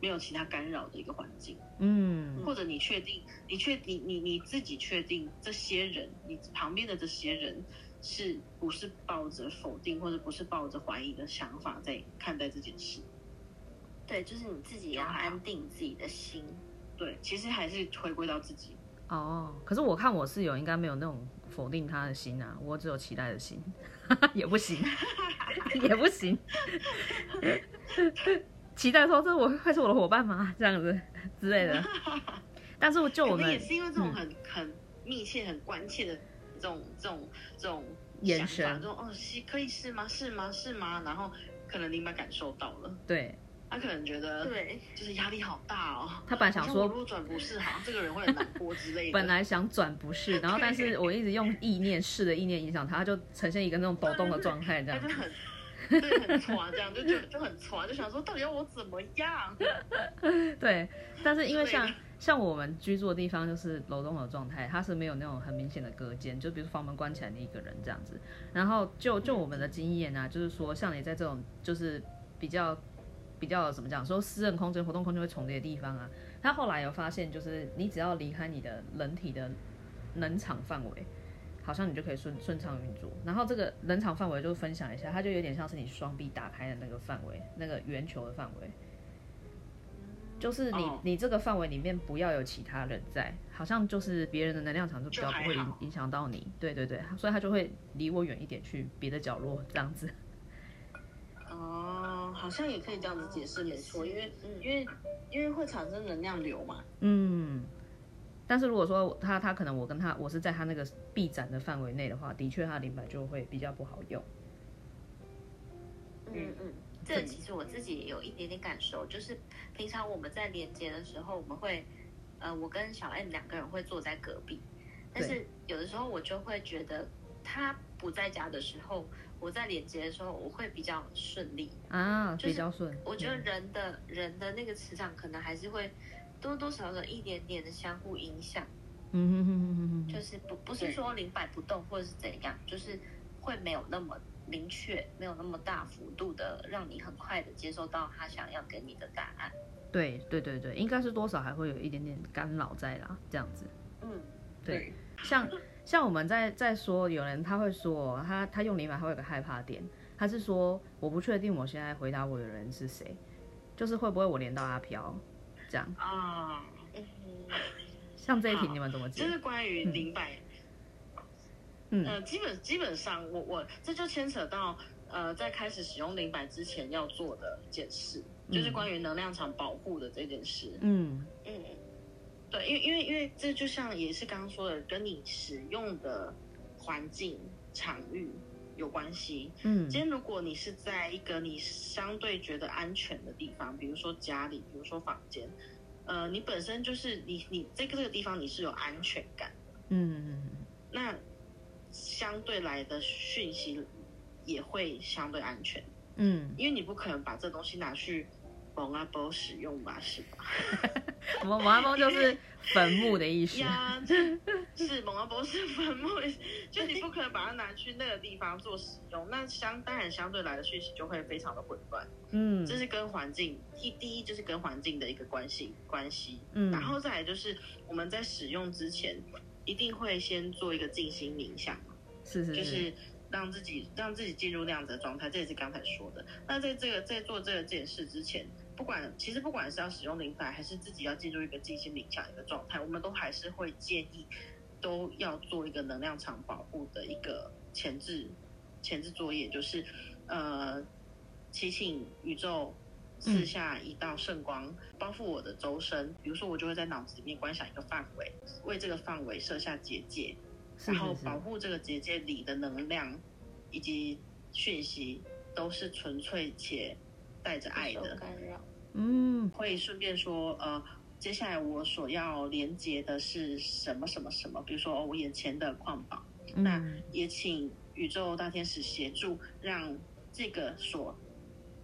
沒有其他干擾的一個環境，嗯，或者你確定，你確定你你，你自己確定這些人，你旁邊的這些人。是不是抱着否定，或者不是抱着懷疑的想法在看待這件事？對，就是你自己也要安定自己的心。對，其實還是回歸到自己。哦，可是我看我室友應該沒有那種否定他的心啊，我只有期待的心， 也不行， 也不行。 期待說這我會是我的夥伴嗎？這樣子之類的。但是我就我們是也是因為這種很、嗯、很密切、很關切的。這種這種這種想法眼神，說哦，試可以試嗎？是嗎？是嗎？然後可能你們感受到了，對，他可能覺得，對，就是壓力好大哦。他本來想說，如果轉不是， 好像這個人會很難過之類的。本來想轉不是，然後但是我一直用意念 是的意念影響他，就呈現一個那種抖動的狀態這樣、哎很很，這樣就很對很挫，這樣就覺得就很挫啊，就想說到底要我怎麼樣？對，但是因為像。像我們居住的地方就是樓棟的狀態，它是沒有那種很明顯的隔間，就比如說房門關起來的一個人這樣子。然後就就我們的經驗啊，就是說像你在這種就是比較比較怎麼講，說私人空間、活動空間會重疊的地方啊，他後來有發現，就是你只要離開你的人體的能場範圍，好像你就可以順順暢運作。然後這個能場範圍就分享一下，它就有點像是你雙臂打開的那個範圍，那個圓球的範圍。就是你，哦、你這個範圍裡面不要有其他人在，好像就是別人的能量場就比較不會影影響到你。對對對，所以他就會離我遠一點，去別的角落這樣子。哦，好像也可以這樣子解釋，沒錯，因為因為因為會產生能量流嘛。嗯，但是如果說他他可能我跟他我是在他那個臂展的範圍內的話，的確他的靈擺就會比較不好用。嗯嗯。這個、其實我自己也有一點點感受，就是平常我們在連接的時候，我們會，呃，我跟小 M 兩個人會坐在隔壁，但是有的時候我就會覺得他不在家的時候，我在連接的時候我會比較順利啊，比較順。就是、我覺得人的、嗯、人的那個磁場可能還是會多多少少有一點點的相互影響，嗯嗯嗯嗯哼，就是不不是說靈擺不動或者是怎樣，就是會沒有那麼。明確，沒有那麼大幅度的，讓你很快的接收到他想要給你的答案。對對對對，應該是多少還會有一點點干擾在啦，這樣子。嗯，對。對像像我們在在說有人他會說他他用靈擺，他會有個害怕點，他是說我不確定我現在回答我的人是誰，就是會不會我連到阿飄這樣。啊、哦。嗯、 像這一題你們怎麼解？就是關於靈擺。嗯嗯、呃，基本基本上，我我這就牽扯到，呃，在開始使用靈擺之前要做的一件事，就是關於能量場保護的這件事。嗯嗯，對，因為因為因為這就像也是剛剛說的，跟你使用的環境場域有關係。嗯，今天如果你是在一個你相對覺得安全的地方，比如說家裡，比如說房間，呃，你本身就是你你這個這個地方你是有安全感的。嗯嗯嗯，那。相對來的訊息也會相對安全，嗯，因為你不可能把這東西拿去蒙阿波使用吧？是吧？蒙阿波就是墳墓的意思呀，是蒙阿波是墳墓， 就你不可能把它拿去那個地方做使用， 那相當然相對來的訊息就會非常的混亂，嗯，這是跟環境一第一就是跟環境的一個關係關係，嗯，然後再來就是我們在使用之前。一定會先做一個靜心冥想是，是是，就是讓自己讓自己進入那樣子的狀態，這也是剛才說的。那在這個在做這個這件事之前，不管其實不管是要使用靈擺，還是自己要進入一個靜心冥想一個狀態，我們都還是會建議都要做一個能量場保護的一個前置前置作業，就是呃祈請宇宙。賜下一道聖光，嗯、包覆我的周身。比如說，我就會在腦子裡面觀想一個範圍，為這個範圍設下結界，然後保護這個結界裡的能量以及訊息都是純粹且帶着愛的。干擾，嗯。會順便說，呃，接下來我所要連接的是什麼什麼什麼？比如說，我眼前的礦寶、嗯，那也請宇宙大天使協助，讓這個所。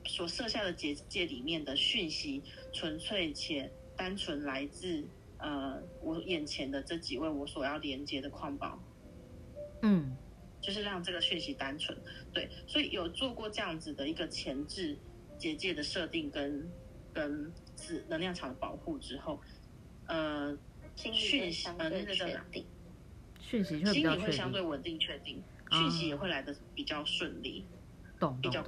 所設下的結界裡面的訊息，純粹且單純來自呃，我眼前的這幾位我所要連接的礦寶，嗯，就是讓這個訊息單純，對，所以有做過這樣子的一個前置結界的設定跟跟子能量場的保護之後，呃，訊息嗯對對，訊息會定，心理會相對穩定確定，訊息、哦、也會來的比較順利。動懂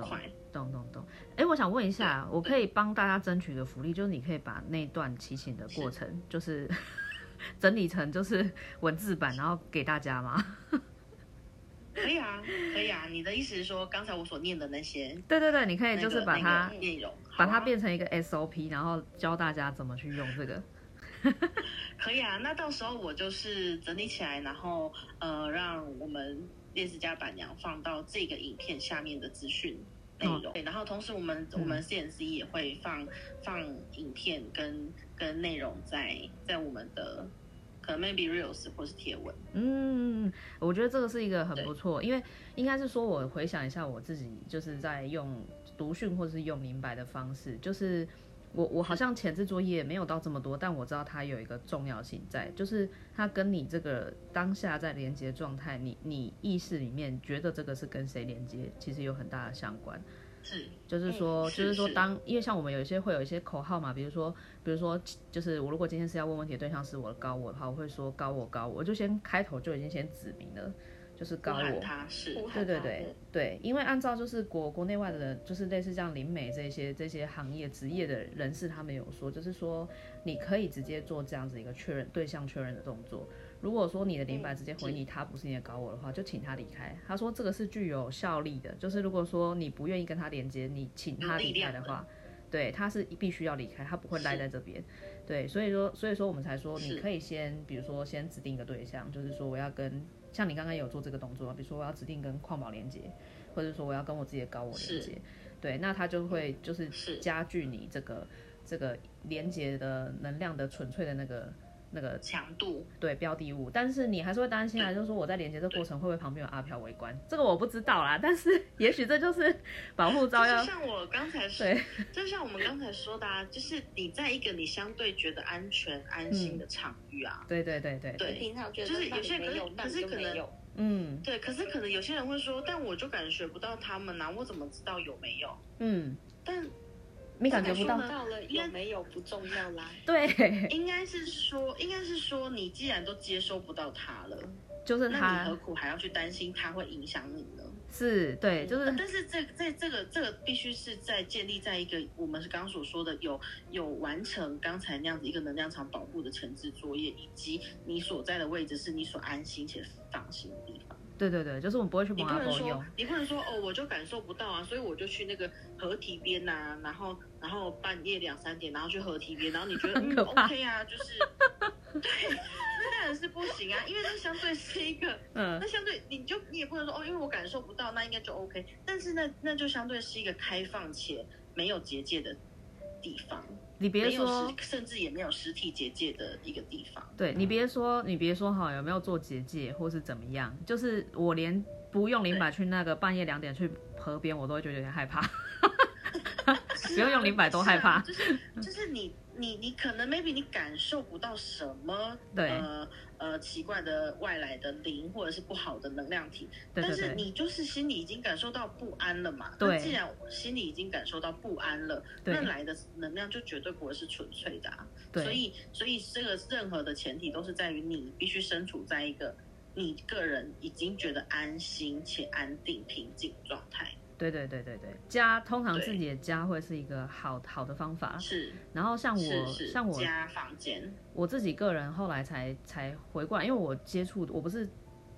懂懂懂，哎，我想問一下，我可以幫大家爭取個福利，就是你可以把那段祈請的過程，就是整理成就是文字版，然後給大家嗎？可以啊，可以啊。你的意思是說，剛才我所念的那些、那個，對對對，你可以就是把它、那個那個、把它變成一個 SOP，然後教大家怎麼去用這個。可以啊，那到時候我就是整理起來，然後呃，讓我們。電視家板娘放到這個影片下面的資訊內容，哦，然後同時我們、嗯、我們 CNC 也會放放影片跟跟內容在在我們的可能 maybe Reels 或是貼文，嗯，我覺得這個是一個很不錯，因為應該是說，我回想一下我自己就是在用讀訊或是用明白的方式，就是。我我好像前置作業沒有到這麼多，但我知道它有一個重要性在，就是它跟你這個當下在連接狀態，你你意識裡面覺得這個是跟誰連接，其實有很大的相關。是，就是說，就是說，嗯，就是說當，是是，因為像我們有一些會有一些口號嘛，比如說，比如說，就是我如果今天是要問問題的對象是我的高我的話，我會說高我高我，我就先開頭就已經先指明了。就是高我，喊他，對對對對，因為按照就是國國內外的人，就是類似像靈媒這些這些行業職業的人士，他們有說，就是說你可以直接做這樣子一個確認對象確認的動作。如果說你的靈擺直接回你，他不是你的高我的話，就請他離開。他說這個是具有效力的，就是如果說你不願意跟他連接，你請他離開的話，對，他是必須要離開，他不會賴在這邊。對，所以說所以說我們才說你可以先，比如說先指定一個對象，就是說我要跟。像你剛剛有做這個動作，比如說我要指定跟礦礦連接，或者說我要跟我自己的高我連接，對，那它就會就是加劇你這個這個連接的能量的純粹的那個。那個強度對標的物，但是你還是會擔心啊，就、嗯、是說我在連接的過程會不會旁邊有阿飄圍觀？這個我不知道啦，但是也許這就是保護招樣。就是、像我剛才，說，就像我們剛才說的啊，就是你在一個你相對覺得安全、安心的場域啊、嗯。對對對對。對，對平常覺得、就是、有些，人，可是，可能有。嗯，對，可是可能有些人會說，但我就感覺不到他們吶、啊，我怎麼知道有沒有？嗯，但。沒感覺不到了，應該沒有不重要啦。對，應該是說，應該是說，你既然都接收不到它了，就是它，那你何苦還要去擔心它會影響你呢？是，對，就是。嗯、但是這這個、這個這個必須是在建立在一個我們是剛剛所說的有有完成剛才那樣子一個能量場保護的前置作業，以及你所在的位置是你所安心且放心的。對對對，就是我們不會去幫朋、啊、你不能說，你不能說哦，我就感受不到啊，所以我就去那個河堤邊啊，然後然後半夜兩三點，然後去河堤邊，然後你覺得、嗯、OK 啊，就是，對， 那當然是不行啊，因為這相對是一個，嗯，那相對你就你也不能說哦，因為我感受不到，那應該就 OK，但是那那就相對是一個開放且沒有結界的。地方，你別說，甚至也沒有實體結界的一個地方。對，你別說、嗯，你別說好，有沒有做結界或是怎麼樣？就是我連不用靈擺去那個半夜兩點去河邊，我都會覺得有點害怕。 啊、不用靈擺都害怕。是啊、就是就是你你你可能 maybe 你感受不到什麼對。呃呃，奇怪的外來的靈，或者是不好的能量體，對對對，但是你就是心裡已經感受到不安了嘛。對，既然我心裡已經感受到不安了，那來的能量就絕對不會是純粹的啊，對。所以，所以這個任何的前提都是在於你必須身處在一個你個人已經覺得安心且安定平靜的狀態。對對對對對，家通常自己的家會是一個好好的方法。是，然後像我是是像我家房間，我自己個人後來才才回過來，因為我接觸我不是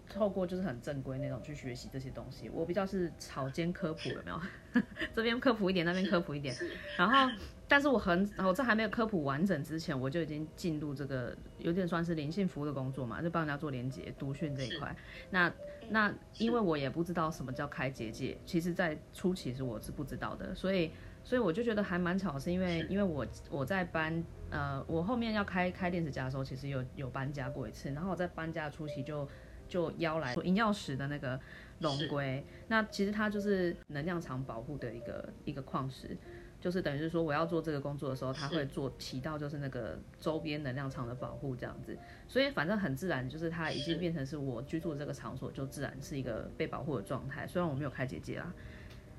透過就是很正規那種去學習這些東西，我比較是草間科普有沒有？ 這邊科普一點，那邊科普一點，然後。但是我很，我在還沒有科普完整之前，我就已經進入這個有點算是靈性服務的工作嘛，就幫人家做連接、讀訊這一塊。那那因為我也不知道什麼叫開結界，其實在初期是我是不知道的，所以所以我就覺得還蠻巧，是因為是因為我我在搬呃，我後面要開開電池家的時候，其實有有搬家過一次，然後我在搬家的初期就就邀來說銀曜石的那個龍龜，那其實它就是能量場保護的一個一個礦石。就是等於是說，我要做這個工作的時候，它會做起到就是那個周邊能量場的保護這樣子，所以反正很自然，就是它已經變成是我居住這個場所，就自然是一個被保護的狀態。雖然我沒有開結界啦，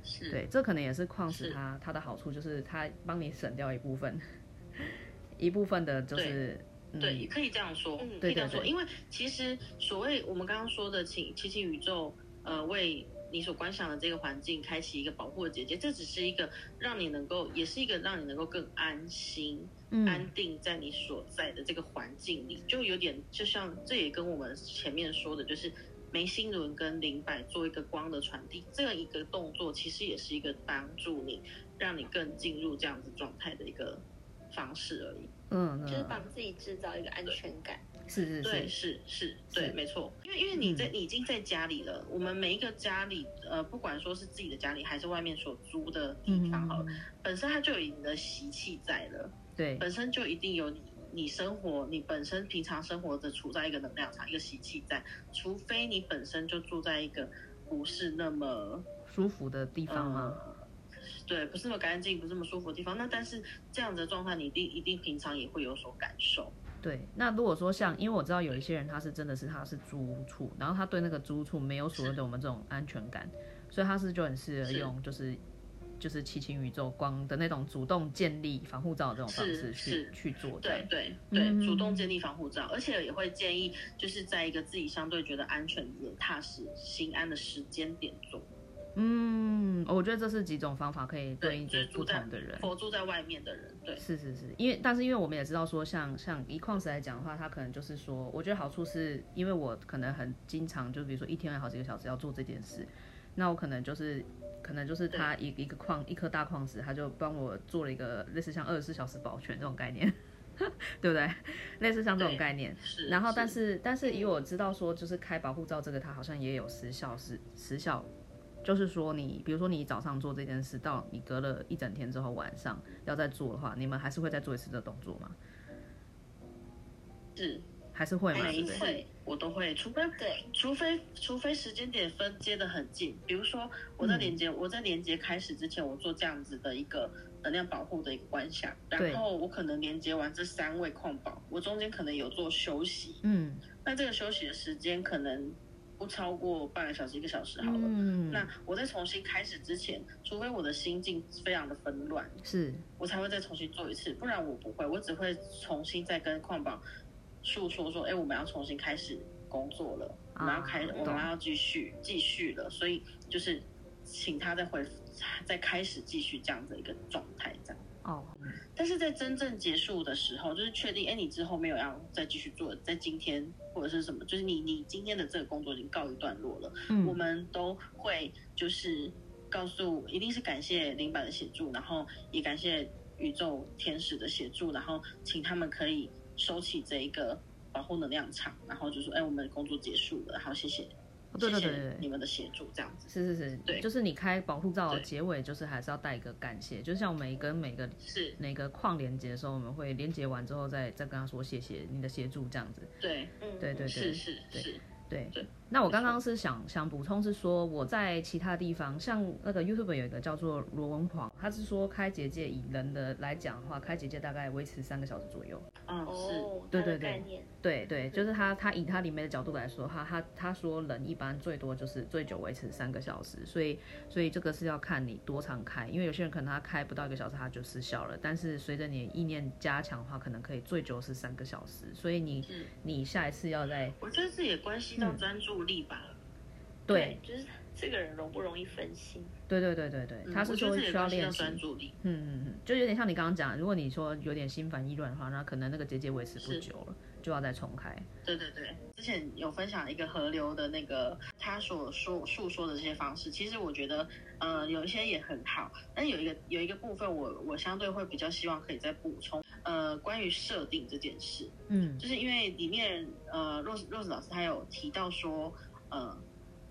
是，對，這可能也是礦石它它的好處，就是它幫你省掉一部分， 一部分的就是，對，也可以這樣說，可以這樣說，嗯、這樣說，對對對，因為其實所謂我們剛剛說的祈請宇宙，呃，為。你所觀想的這個環境，開啟一個保護的結界，這只是一個讓你能夠，也是一個讓你能夠更安心、嗯、安定在你所在的這個環境裡，就有點就像，這也跟我們前面說的，就是眉心輪跟靈擺做一個光的傳遞，這樣、個、一個動作，其實也是一個幫助你，讓你更進入這樣子狀態的一個方式而已。嗯，嗯，就是幫自己制造一個安全感。是是是對，對是是，是是對是沒錯，因為因為你在、嗯、你已經在家裡了，我們每一個家裡，呃，不管說是自己的家裡還是外面所租的地方好，好、嗯、本身它就有你的習氣在了，對，本身就一定有你你生活你本身平常生活的處在一個能量場一個習氣在，除非你本身就住在一個不是那麼舒服的地方啊、呃，對，不是那麼乾淨不是那麼舒服的地方，那但是這樣的狀態你一定一定平常也會有所感受。對，那如果說像，因為我知道有一些人他是真的是他是租處，然後他對那個租處沒有所謂的我們這種安全感，所以他是就很適合用就是，是就是祈請宇宙光的那種主動建立防護罩這種方式去去做。對對對、嗯，主動建立防護罩，而且也會建議就是在一個自己相對覺得安全、踏實、心安的時間點做。嗯，我覺得這是幾種方法可以對應着不同的人，就是，佛住在外面的人，對，是是是，因為但是因為我們也知道說像，像像以礦石來講的話，它可能就是說，我覺得好處是，因為我可能很經常就比如說一天有好幾個小時要做這件事，那我可能就是可能就是它一一個礦一顆大礦石，它就幫我做了一個類似像二十四小時保全這種概念呵呵，對不對？類似像這種概念，是。然後但是，是但是以我知道說就是開保護罩這個，它好像也有時效，時時效。就是說你，你比如說，你早上做這件事，到你隔了一整天之後，晚上要再做的話，你們還是會再做一次這動作嗎？是，還是會嗎？每一次我都會，除非……除非……除非時間點分接得很近。比如說，我在連接、嗯，我在連接開始之前，我做這樣子的一個能量保護的一個觀想，然後我可能連接完這三位礦寶，我中間可能有做休息。嗯，那這個休息的時間可能。不超過半個小時一個小時好了。嗯，那我在重新開始之前，除非我的心境非常的紛亂，是我才會再重新做一次，不然我不會，我只會重新再跟礦寶訴說說，哎，我們要重新開始工作了，我們要開、啊，我們要繼續繼續了，所以就是請他再回再開始繼續這樣的一個狀態這樣。但是在真正結束的時候，就是確定，哎、欸，你之後沒有要再繼續做，在今天或者是什麼，就是你你今天的這個工作已經告一段落了，嗯、我們都會就是告訴，一定是感謝靈擺的協助，然後也感謝宇宙天使的協助，然後請他們可以收起這一個保護能量場，然後就說，哎、欸，我們的工作結束了，好，謝謝。對對對，對，對，謝謝你們的協助這樣子，是是是，對，就是你開保護罩，的結尾，就是還是要帶一個感謝，就像我們跟每個是哪個礦連接的時候，我們會連接完之後再再跟他說謝謝你的協助這樣子，對，嗯，對對對，是是是，對。是是對對對對，那我剛剛是想想補充是說，我在其他地方像那個 YouTuber 有一個叫做螺紋礦，他是說開結界以人的來講的話，開結界大概維持三個小時左右。哦，對對對。對對，就是他，他以他裡面的角度來說，哈，他他說人一般最多就是最久維持三個小時，所以所以這個是要看你多長開，因為有些人可能他開不到一個小時他就失效了，但是隨着你的意念加強的話，可能可以最久是三個小時，所以你你下一次要再，我這次也關係到專注力吧，嗯對？對，就是這個人容不容易分心？對對對對對，嗯、他是說的需要練專注力。嗯嗯嗯，就有點像你剛剛講，如果你說有點心煩意亂的話，那可能那個結界維持不久了。就要再重開。對對對，之前有分享一個河流的那個他所說訴說的這些方式，其實我覺得呃有一些也很好，但有一個有一個部分我，我我相對會比較希望可以再補充。呃，關於設定這件事，嗯，就是因為裡面呃若若子老師他有提到說，呃，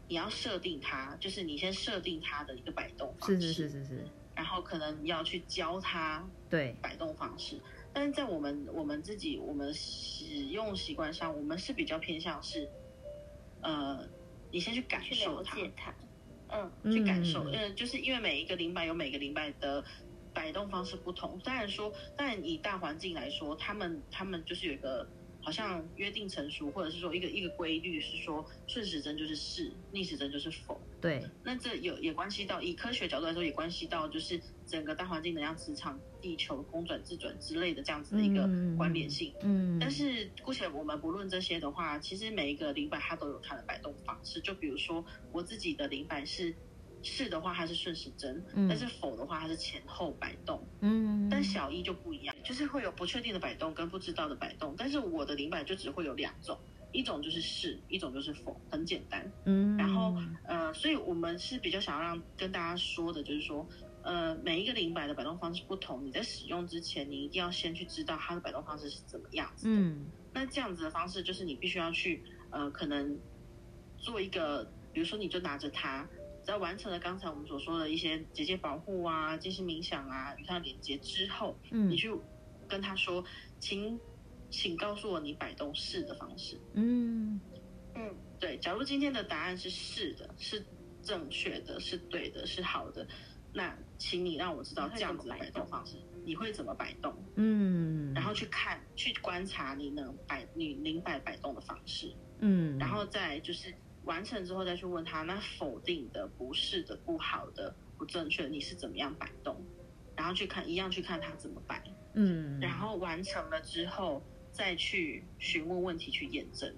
你要設定它，就是你先設定它的一個擺動方式，是是是是是。然後可能你要去教它對擺動方式。但是在我們我們自己我們使用習慣上，我們是比較偏向是，呃，你先去感受它，它嗯，去感受，嗯、呃，就是因為每一個靈擺有每個靈擺的擺動方式不同，雖然說，但以大環境來說，他們他們就是有一個。好像約定成熟，或者是說一個一個規律是說順時針就是是，逆時針就是否。對，那這有也關係到以科學角度來說，也關係到就是整個大環境能量磁場、地球公轉自轉之類的這樣子的一個關聯性嗯。嗯，但是姑且我們不論這些的話，其實每一個靈擺它都有它的擺動方式。就比如說我自己的靈擺是。是的話，它是順時針；嗯，但是否的話，它是前後擺動。嗯，但小 E 就不一樣，就是會有不確定的擺動跟不知道的擺動。但是我的靈擺就只會有兩種，一種就是是，一種就是否，很簡單。嗯，然後呃，所以我們是比較想要讓跟大家說的，就是說呃，每一個靈擺的擺動方式不同，你在使用之前，你一定要先去知道它的擺動方式是怎麼樣子的。嗯，那這樣子的方式就是你必須要去呃，可能做一個，比如說你就拿着它。在完成了剛才我們所說的一些結界保護啊、進行冥想啊、與他連接之後，嗯，你去跟他說，請，請告訴我你擺動是的方式。嗯嗯，對。假如今天的答案是是的，是正確的，是對的，是好的，那請你讓我知道這樣子的擺動方式，你會怎麼擺動？嗯，然後去看、去觀察你能擺、你靈擺擺動的方式。嗯，然後再就是。完成之後再去問他，那否定的、不是的、不好的、不正確的，你是怎麼樣擺動？然後去看，一樣去看他怎麼擺，嗯，然後完成了之後再去詢問問題，去驗證。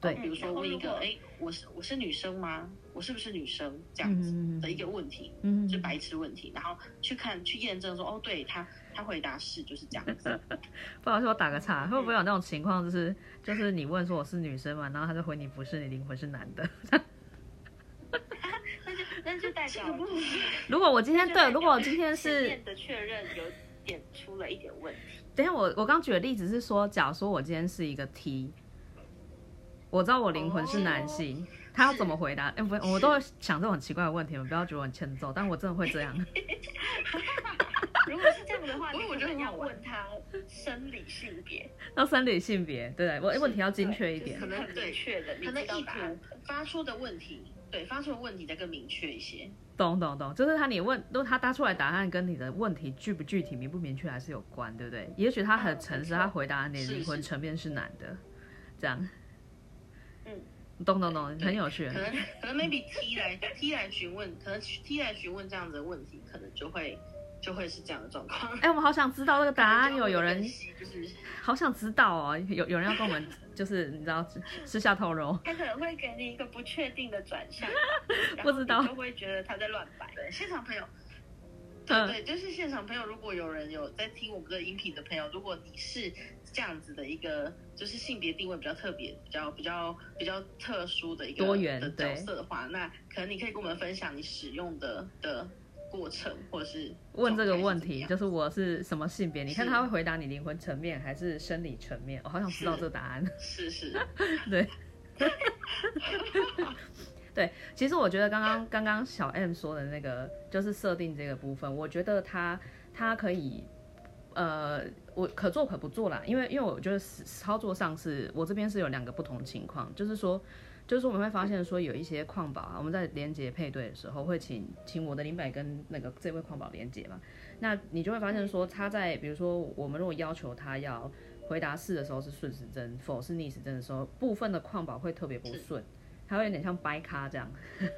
對、哦，比如說問一個，哎、欸，我是我是女生嗎？我是不是女生？這樣子的一個問題，嗯，就白痴問題。嗯、然後去看去驗證說，哦，對他，他回答是，就是這樣子。 不好意思，我打個岔。會不會有那種情況，就是、嗯、就是你問說我是女生嘛，然後他就回你不是，你靈魂是男的。 那就那就代表、就是， 如果我今天對，如果我今天是前面的確認有點出了一點問題。等下，我我剛舉的例子是說，假如說我今天是一個 T。我知道我靈魂是男性，oh, 他要怎麼回答？欸、不，我都會想這種很奇怪的問題，我不要覺得我很欠揍，但我真的會這樣。 如果是這樣的話，那我就要問他生理性別。那生理性別，對，我、欸、問題要精確一點，可能、就是、明確的，你可能意圖發出的問題，對，發出的問題再更明確一些。懂懂懂，就是他你問，如果他答出來答案跟你的問題具不具體、明不明確還是有關，對不對？也許他很誠實，oh, okay. 他回答你靈魂層面是男的，這樣。懂懂懂，很有趣。可能可能 maybe T 來 T 來詢問，可能 T 來詢問這樣子的問題，可能就會就會是這樣的狀況。哎、欸，我好想知道那個答案喲！有，有人就是，是好想知道哦，有有人要跟我們， 就是你知道，私下透露。他可能會給你一個不確定的轉向，不知道就會覺得他在亂擺。 現場朋友，對、嗯、對，就是現場朋友，如果有人有在聽我們的音頻的朋友，如果你是，這樣子的一個就是性別定位比較特別、比較比較比較特殊的一個多元的角色的話，那可能你可以跟我們分享你使用的的過程，或者是問這個問題，就是我是什麼性別？你看他會回答你靈魂層面還是生理層面？我、oh, 好想知道這個答案。是是,是， 對， 對。其實我覺得剛剛剛剛小 M 說的那個就是設定這個部分，我覺得他他可以呃。我可做可不做啦，因為因為我覺得是操作上是，我這邊是有兩個不同情況，就是說，就是說我們會發現說有一些礦寶、啊，我們在連結配對的時候會請請我的靈擺跟那個這位礦寶連結嘛，那你就會發現說他在，比如說我們如果要求他要回答是的時候是順時針，否是逆時針的時候，部分的礦寶會特別不順，它會有點像掰咖這樣，呵呵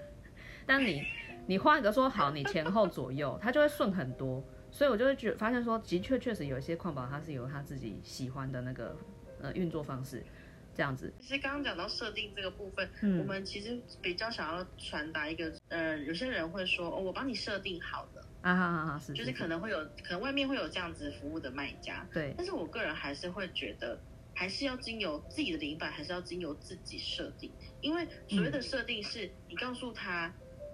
但你你換一個說好，你前後左右，它就會順很多。所以我就會覺發現說，的確確實有一些礦寶，它是有他自己喜歡的那個呃運作方式，這樣子。其實剛剛講到設定這個部分、嗯，我們其實比較想要傳達一個，呃，有些人會說，哦，我幫你設定好的啊好好是，就是可能會有，可能外面會有這樣子服務的賣家，對。但是我個人還是會覺得，還是要經由自己的靈擺，還是要經由自己設定，因為所謂的設定是、嗯、你告訴他。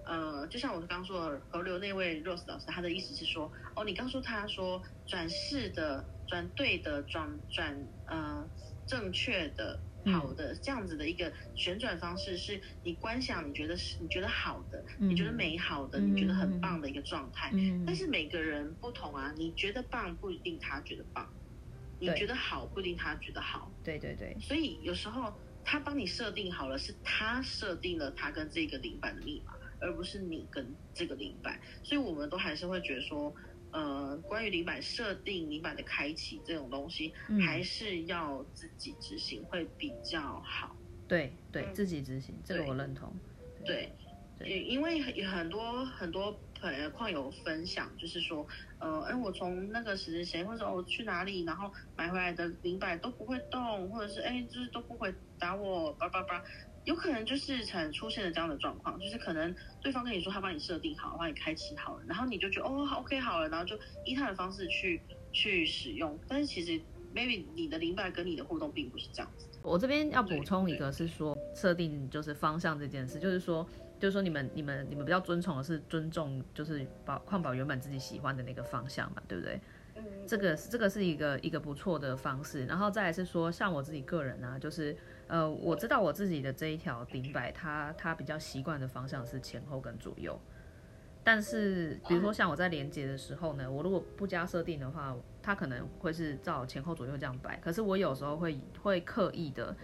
呃，就像我剛剛說，河流那位 Rose 老師，他的意思是說，哦，你告訴他說，轉世的、轉對的、轉轉呃正確的、好的這樣子的一個旋轉方式是，是你觀想你覺得是你覺得好的，你覺得美好的，嗯、你覺得很棒的一個狀態、嗯嗯嗯嗯。但是每個人不同啊，你覺得棒不一定他覺得棒，你覺得好不一定他覺得好。對對對，對，所以有時候他幫你設定好了，是他設定了他跟這個靈擺的密碼。而不是你跟這個靈擺，所以我們都還是會覺得說，呃，關於靈擺設定、靈擺的開啟這種東西、嗯，還是要自己執行會比較好。對對、嗯，自己執行，這個我認同。對，對對，因為很多很多朋友分享，就是說，呃，哎，我從那個時間或者我，哦、去哪裡，然後買回來的靈擺都不會動，或者是哎，就是都不會打我叭叭叭。有可能就是才出現了這樣的狀況，就是可能對方跟你說他幫你設定好，然後你開啟好了，然後你就覺得哦，OK 好了，然後就以他的方式去去使用。但是其實 maybe 你的靈擺跟你的互動並不是這樣子。我這邊要補充一個，是說設定就是方向這件事，就是說就是說你們你們你們比較尊崇的是尊重，就是寶礦寶原本自己喜歡的那個方向嘛，對不對？嗯。這個這個是一個一個不錯的方式。然後再來是說，像我自己個人啊，就是。呃，我知道我自己的這一條靈擺，它它比較習慣的方向是前後跟左右。但是，比如說像我在連接的時候呢，我如果不加設定的話，它可能會是照前後左右這樣擺。可是我有時候會會刻意的，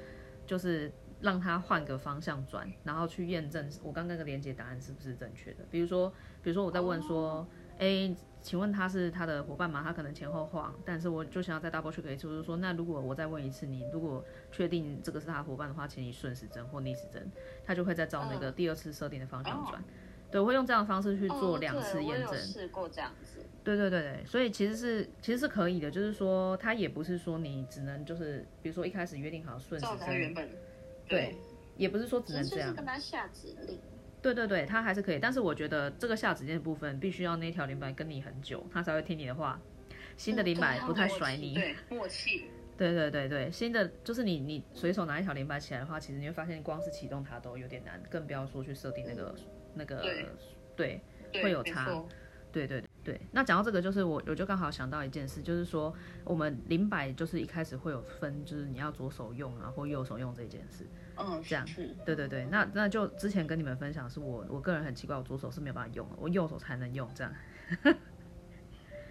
就是讓它換個方向轉，然後去驗證我剛剛的連接答案是不是正確的。比如說，比如說我在問說，哎、欸。請問他是他的夥伴嗎？他可能前後晃，但是我就想要再 double check 一次，就是說，那如果我再問一次，你如果確定這個是他的夥伴的話，請你順時針或逆時針，他就會再照那個第二次設定的方向轉。嗯哦。對，我會用這樣的方式去做兩次驗證。哦，試過這樣子。對對對對，所以其實是其實是可以的，就是說他也不是說你只能就是，比如說一開始約定好順時針，原本。對，對，也不是說只能這樣。跟他下指令。對對對，它還是可以，但是我覺得這個下指令的部分必須要那條靈擺跟你很久，他才會聽你的話。新的靈擺不太甩你。哦，默默契。對對對對，新的就是你你隨手拿一條靈擺起來的話，其實你會發現光是啟動它都有點難，更不要說去設定那個那個、嗯對。對。會有差。對對對對，那講到這個，就是我我就剛好想到一件事，就是說我們靈擺就是一開始會有分支，就是、你要左手用，然後右手用這件事。嗯，這樣是，是對對對。嗯、那那就之前跟你們分享是我我個人很奇怪，我左手是沒有辦法用，我右手才能用這樣。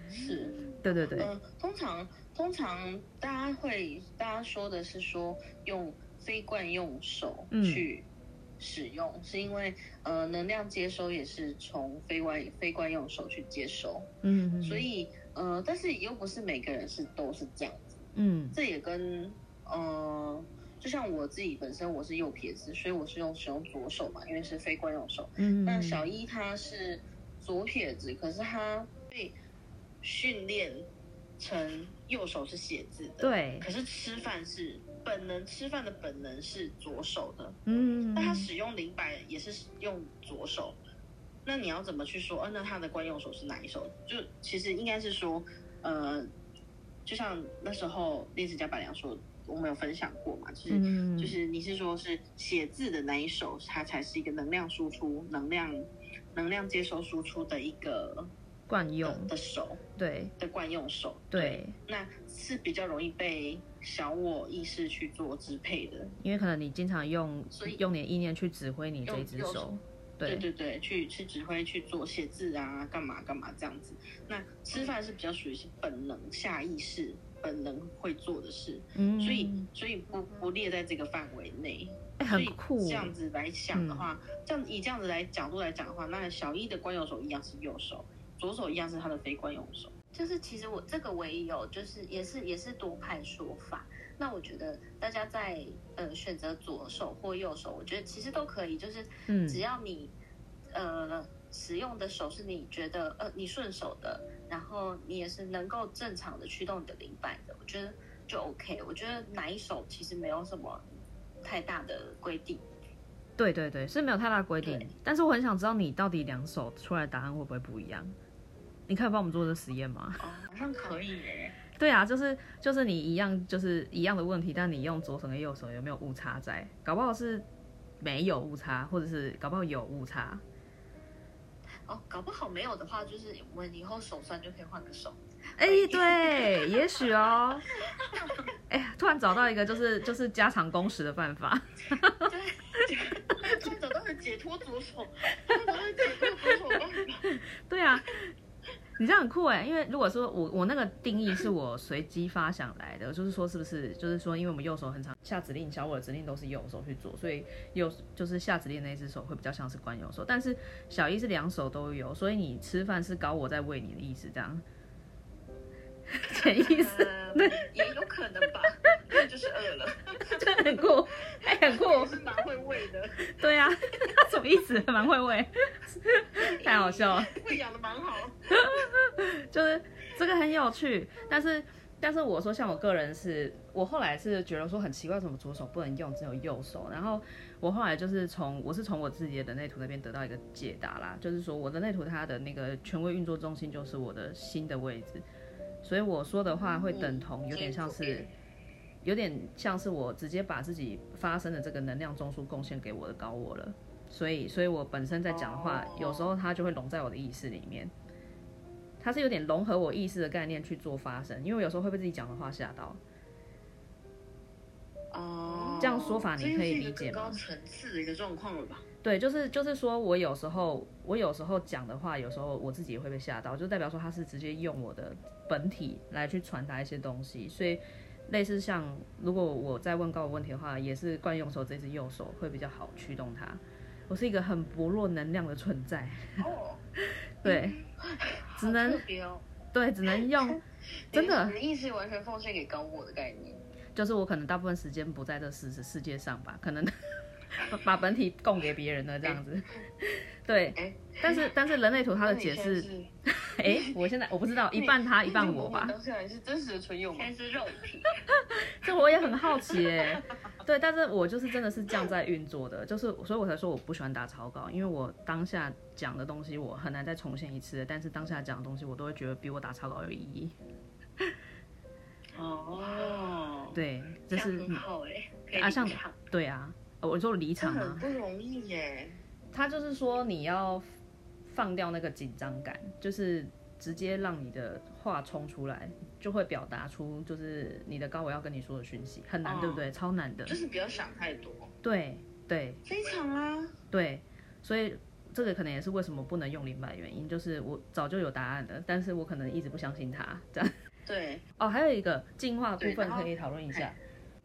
是，對對對。嗯、呃，通常通常大家會大家說的是說用非慣用手去使用，嗯、是因為呃能量接收也是從非慣非慣用手去接收。嗯，所以呃，但是又不是每個人是都是這樣子。嗯，這也跟嗯。呃就像我自己本身我是右撇子，所以我是用使用左手嘛，因為是非慣用手。嗯，嗯，嗯。那小 E 他是左撇子，可是他被訓練成右手是寫字的。對。可是吃飯是本能，吃飯的本能是左手的。嗯，嗯，嗯。那他使用靈擺也是用左手的，那你要怎麼去說？嗯、哦，那他的慣用手是哪一手？就其實應該是說，呃，就像那時候練習家板良說。我們有分享過嘛，就是、嗯、就是，你是說，是寫字的那一手，它才是一個能量輸出、能量能量接收、輸出的一個慣用的，的手，對的慣用手對，對，那是比較容易被小我意識去做支配的，因為可能你經常用，用你的意念去指揮你這隻手對，對對對，去去指揮去做寫字啊，幹嘛幹嘛這樣子。那吃飯是比較屬於是本能、下意識。本人會做的事，嗯，所以所以不不列在這個範圍內。很酷，所以這樣子來想的話，嗯、這樣以這樣子來角度來講的話，那小一的慣用手一樣是右手，左手一樣是他的非慣用手。就是其實我這個唯有、哦，就是也是也是多派說法。那我覺得大家在呃選擇左手或右手，我覺得其實都可以，就是只要你、嗯、呃使用的手是你覺得呃你順手的。然後你也是能夠正常的驅動你的靈擺的，我覺得就 OK。我覺得哪一手其實沒有什麼太大的規定。對對對，是沒有太大的規定。但是我很想知道你到底兩手出來的答案會不會不一樣？你可以幫我們做這實驗嗎？哦，好像可以耶。 對啊，就是就是你一樣，就是一樣的問題，但你用左手跟右手有沒有誤差在？搞不好是沒有誤差，或者是搞不好有誤差。哦，搞不好沒有的話，就是我們以後手酸就可以換個手。哎、欸，對， 也許哦。哎、欸，突然找到一個就是就是加長工時的辦法。對，突 然找到了解脫左手，找到解脫左手的辦法。對呀、啊。你這樣很酷哎，因為如果說我我那個定義是我隨機發想來的，就是說是不是？就是說，因為我們右手很常下指令，小我的指令都是右手去做，所以右就是下指令那隻手會比較像是慣右手。但是小 E 是兩手都有，所以你吃飯是搞我在餵你的意思，這樣？潛意識？那 也有可能吧。 就是餓了， 真的很酷還很酷，我是蠻會餵的。對啊，他 怎麼一直蠻會餵？ 太好笑了，餵養得蠻好。就是這個很有趣，但是但是我說，像我個人是，我後來是覺得說很奇怪，怎麼左手不能用，只有右手。然後我後來就是從我是從我自己的內圖那邊得到一個解答啦，就是說我的內圖它的那個權威運作中心就是我的心的位置，所以我說的話會等同有點像是。有點像是我直接把自己發生的這個能量中樞貢獻給我的高我了，所以，所以我本身在講的話，有時候它就會融在我的意識裡面，它是有點融合我意識的概念去做發聲，因為我有時候會被自己講的話嚇到。哦，這樣說法你可以理解嗎？高層次的一個狀況了吧？對，就是就是說，我有時候我有時候講的話，有時候我自己也會被嚇到，就代表說它是直接用我的本體來去傳達一些東西，所以。類似像，如果我在問高我問題的話，也是慣用手，這只右手會比較好驅動它。我是一個很薄弱能量的存在，哦， 對、嗯，只能、哦，對，只能用，真的，意識完全奉獻給高我的概念，就是我可能大部分時間不在這世世界上吧，可能。把本體供給別人的這樣子，對。但是但是人類圖他的解釋，哎，我現在我不知道一半他一半我吧。都是真實釉嘛。全是肉這我也很好奇哎、欸。對，但是我就是真的是這樣在運作的，就是所以我才說我不喜歡打草稿，因為我當下講的東西我很難再重現一次，但是當下講的東西我都會覺得比我打草稿有意義。哦，對，這是好啊像對啊。我就離場很不容易耶。他就是說，你要放掉那個緊張感，就是直接讓你的話衝出來，就會表達出就是你的高我要跟你說的訊息，很難，對不對？哦？超難的。就是不要想太多。對對，非常啊。對，所以這個可能也是為什麼不能用靈擺的原因，就是我早就有答案了，但是我可能一直不相信他。這樣。對。哦，還有一個進化部分可以討論一下。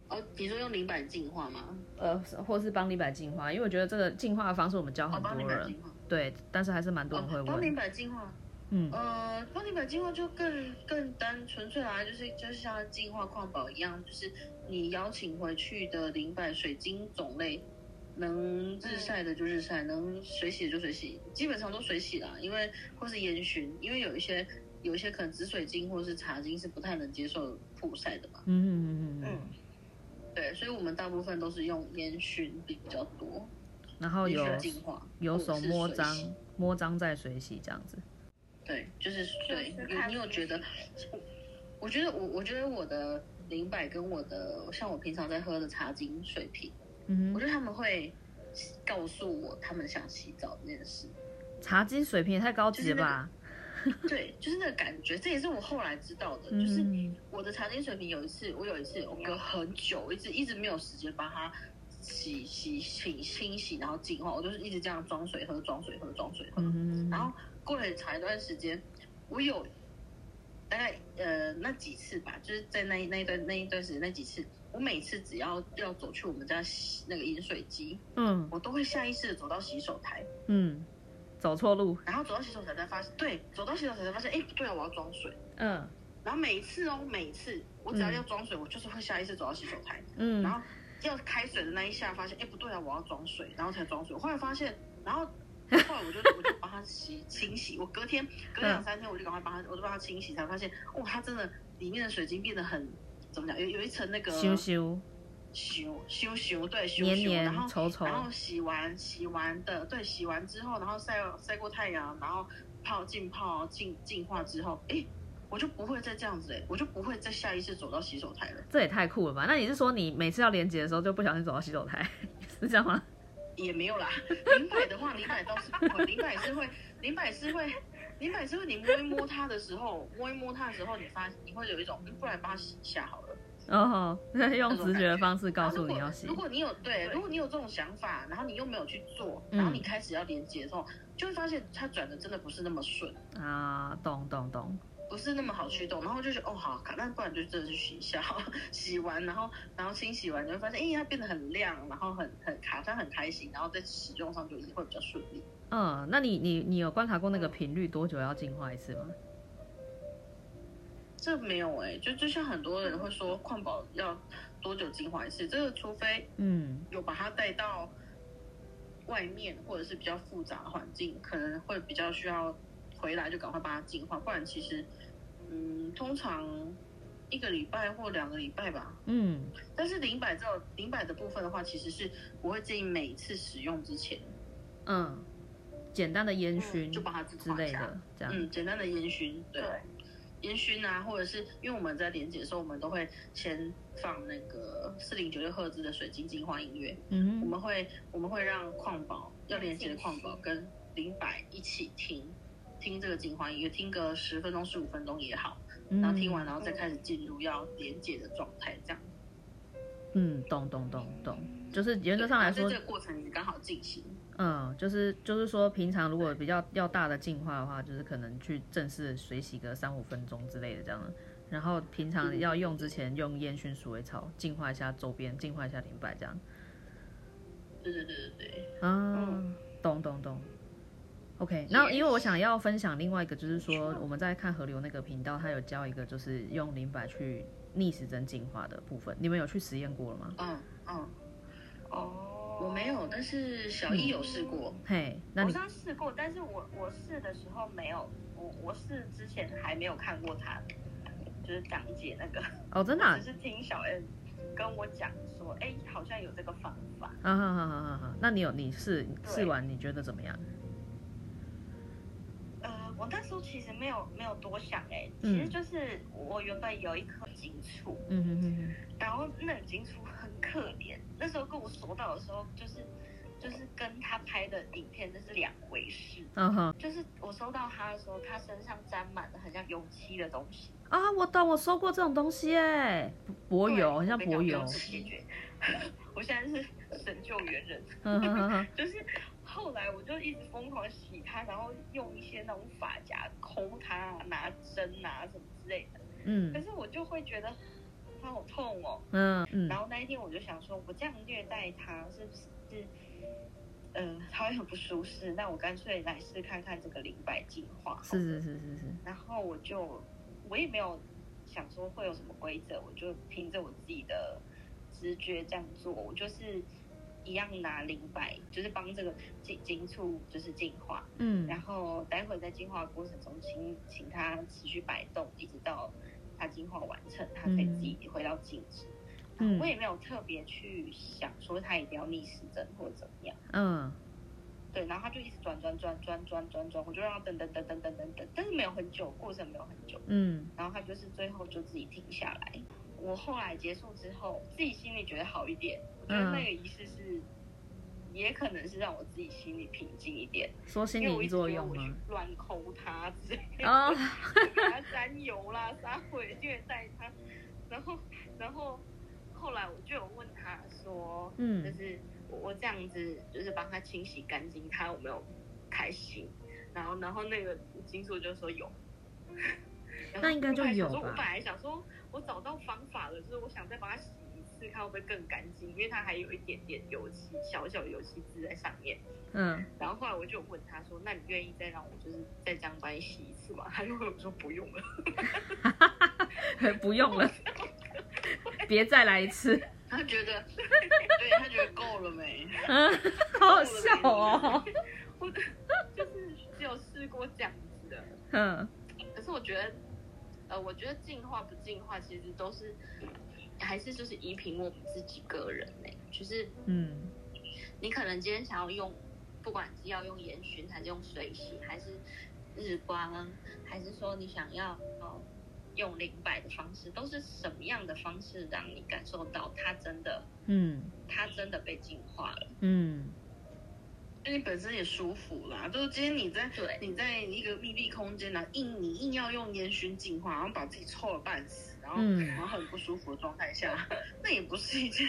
哦，比如說用靈擺淨化嗎？呃，或是幫靈擺淨化？因為我覺得這個淨化的方式我們教很多人，哦、淨化對，但是還是蠻多人會問。幫靈擺淨化，嗯，呃，幫靈擺淨化就更更單純粹啦，就是就是像淨化礦寶一樣，就是你邀請回去的靈擺水晶種類，能日曬的就日曬，能水洗的就水洗，基本上都水洗啦，因為或是煙燻，因為有一些有一些可能紫水晶或是茶晶是不太能接受曝曬的嘛。嗯嗯嗯嗯嗯。對，所以我們大部分都是用煙燻比比較多，然後有有手摸髒，摸髒再水洗這樣子。對，就是水、就是。你有覺得？我覺得我，我覺得我的靈擺跟我的像我平常在喝的茶晶水瓶、嗯，我覺得他們會告訴我他們想洗澡這件事。茶晶水瓶也太高級了吧！就是那個 對，就是那個感覺，這也是我後來知道的。嗯、就是我的茶几水瓶，有一次我有一次我隔很久，一直一直沒有時間把它洗洗洗清洗，然後淨化。我就是一直這樣裝水喝，裝水喝，裝水喝。水喝嗯、然後過了很長一段時間，我有大概呃那幾次吧，就是在那那一段那一段時間那幾次，我每次只要要走去我們家洗那個飲水機，嗯，我都會下意識的走到洗手台，嗯。走錯路，然後走到洗手台才發現，對，走到洗手台才發現，哎、欸，不對啊，我要裝水。嗯，然後每一次哦，每一次我只要要裝水，嗯、我就是會下意識走到洗手台。嗯，然後要開水的那一下，發現，哎、欸，不對啊，我要裝水，然後才裝水。後來發現，然後後來我就 我就幫他洗清洗，我隔天隔兩三天我就趕快幫他、嗯，我就幫他清洗，才發現哦，它真的裡面的水晶變得很怎麼講，有有一層那個。鏽鏽修修修，對修修，然後丑丑，然後洗完洗完的，對洗完之後，然後曬曬過太陽，然後泡浸泡進淨化之後，哎，我就不會再這樣子哎，我就不會再下一次走到洗手台了。這也太酷了吧！那你是說你每次要連接的時候就不小心走到洗手台是這樣嗎？也沒有啦，靈擺的話靈擺倒是不會，靈擺是會靈擺是會靈擺是，是，是會你摸一摸它的時候摸一摸它的時候，摸摸時候你發你會有一種，不然把他洗一下好了。哦，那用直覺的方式告訴你要洗，啊，如如果你有，對，如果你有這種想法，然後你又沒有去做，然後你開始要連接的時候，就會發現它轉的真的不是那麼順。啊，懂懂懂。不是那麼好驅動，然後就覺得哦，好卡，那不然就真的去洗一下，洗完然後然後清洗完，你會發現，哎、欸，它變得很亮，然後很很卡，它很開心，然後在使用上就一定會比較順利。嗯，那你你你有觀察過那個頻率多久要淨化一次嗎？嗯這沒有哎、欸，就就像很多人會說礦寶要多久淨化一次，這個除非嗯有把它帶到外面或者是比較複雜的環境，可能會比較需要回來就趕快把它淨化，不然其實嗯通常一個禮拜或兩個禮拜吧，嗯。但是靈擺這靈擺的部分的話，其實是我會建議每次使用之前，嗯，簡單的煙燻就把它之類的這樣，嗯，簡單的煙燻對。煙燻啊，或者是因為我們在連接的時候，我們都會先放那個四零九六赫茲的水晶淨化音樂。嗯，我們會我們會讓礦寶要連接的礦寶跟靈擺一起聽，聽這個淨化音樂，聽個十分鐘十五分鐘也好，嗯。然後聽完，然後再開始進入要連接的狀態，這樣。嗯，懂懂懂懂，就是原則上來說，這個過程也剛好進行。嗯，就是就是說，平常如果比較要大的淨化的話，就是可能去正式水洗個三五分鐘之類的這樣的。然後平常要用之前用煙熏鼠尾草淨化一下周邊，淨化一下靈擺這樣。對對對對對。啊，嗯、懂懂懂。OK，那、嗯、因為我想要分享另外一個，就是說我們在看河流那個頻道，他有教一個就是用靈擺去逆時針淨化的部分，你們有去實驗過了嗎？嗯嗯。哦。我沒有，但是小 E 有試過。嗯、嘿，我剛試過，但是我我試的時候沒有，我我試之前還沒有看過他，就是講解那個。哦，真的，啊。只是聽小 M 跟我講說，哎，好像有這個方法。啊哈，好，好，好，好，好，好，那你有你試試完，你覺得怎麼樣？呃，我那時候其實沒有沒有多想，欸，哎，嗯，其實就是我原本有一顆晶簇。嗯那已經出很可憐。那時候跟我說到的時候，就是就是跟他拍的影片，那是兩回事。嗯哼，就是我收到他的時候，他身上沾滿了很像油漆的東西。啊，我懂，我收過這種東西哎、欸，柏油，好像柏油。我，叫叫 我現在是神救援人。Uh、-huh -huh. 就是後來我就一直瘋狂洗他，然後用一些那種髮夾摳他，拿針啊什麼之類的。嗯，可是我就會覺得。他好痛哦，嗯嗯，然後那一天我就想說，我這樣虐待他，是不是，是，嗯、呃。他會很不舒適？那我乾脆來試看看這個靈擺進化、哦，是，是是是是是。然後我就我也沒有想說會有什麼規則，我就憑着我自己的直覺這樣做，我就是一樣拿靈擺，就是幫這個金金觸就是進化，嗯，然後待會兒在進化的過程中請請他持續擺動，一直到。他淨化完成，他可以自己回到靜止。嗯，我也沒有特別去想說他一定要逆時針或者怎麼樣。嗯，對，然後他就一直轉轉轉轉轉轉轉，我就讓他等等等等等等等，但是沒有很久，過程沒有很久。嗯，然後他就是最後就自己停下來。我後來結束之後，自己心裡覺得好一點，我覺得那個儀式是。嗯也可能是讓我自己心裡平靜一點，說心理作用因為我一直以為我去亂摳它，然、oh. 後 沾油啦，撒 灰虐待它，然後，然後後來我就有問他說，嗯，就是我,我這樣子就是幫他清洗乾淨，他有沒有開心？然後，然後那個金叔就說有 那應該就有我說。我本來想說，我找到方法了，就是我想再把它洗。試看會不會更乾淨，因為它還有一點點油漆，小小的油漆漬在上面。嗯，然後後來我就問他說：“那你願意再讓我，就是再這樣幫你洗一次嗎？”他就會說：“不用了， 不用了， 別再來一次。 ”他覺得，對他覺得夠了沒？好 好笑哦！我 就是只有試過這樣子的。嗯，可是我覺得，呃，我覺得進化不進化，其實都是。還是就是依憑我們自己個人呢、欸，就是嗯，你可能今天想要用，不管是要用鹽熏還是用水洗，還是日光，還是說你想要、哦、用靈擺的方式，都是什麼樣的方式讓你感受到它真的，嗯，它真的被淨化了，嗯。那、欸、你本身也舒服了，就是今天你在對你在一個密閉空間呢、啊，硬你硬要用煙熏淨化，然後把自己臭了半死，然後然後很不舒服的狀態下，嗯、 那也不是一件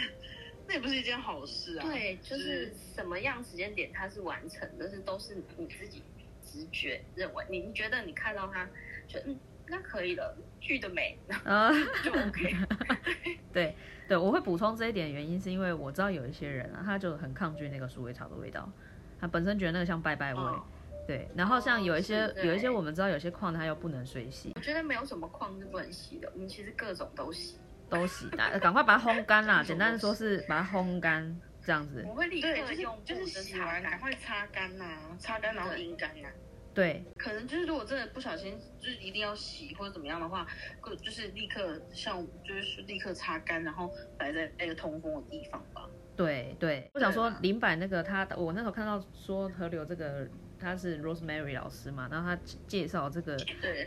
那也不是一件好事啊。對，就是什麼樣時間點它是完成的，是都是你自己直覺認為，你覺得你看到它，就嗯那可以了，聚的美啊，就 OK 對。對對，我會補充這一點的原因是因為我知道有一些人啊，他就很抗拒那個鼠尾草的味道。他本身覺得那個像拜拜味，哦、對。然後像有一些、哦、有一些我們知道有些礦它又不能水洗。我覺得沒有什麼礦是不能洗的，我們其實各種都洗。都洗，啊、趕快把它烘乾啦！簡單的說是把它烘乾這樣子。我會立刻用、就是就是，就是洗完趕快擦乾吶、啊，擦乾然後陰乾啊對。對，可能就是如果真的不小心，就是一定要洗或者怎麼樣的話，就是立刻像就是立刻擦乾，然後擺在那個通風的地方吧。對對，對，我想說靈擺那個他，我那時候看到說河流這個他是 Rosemary 老師嘛，然後他介紹這個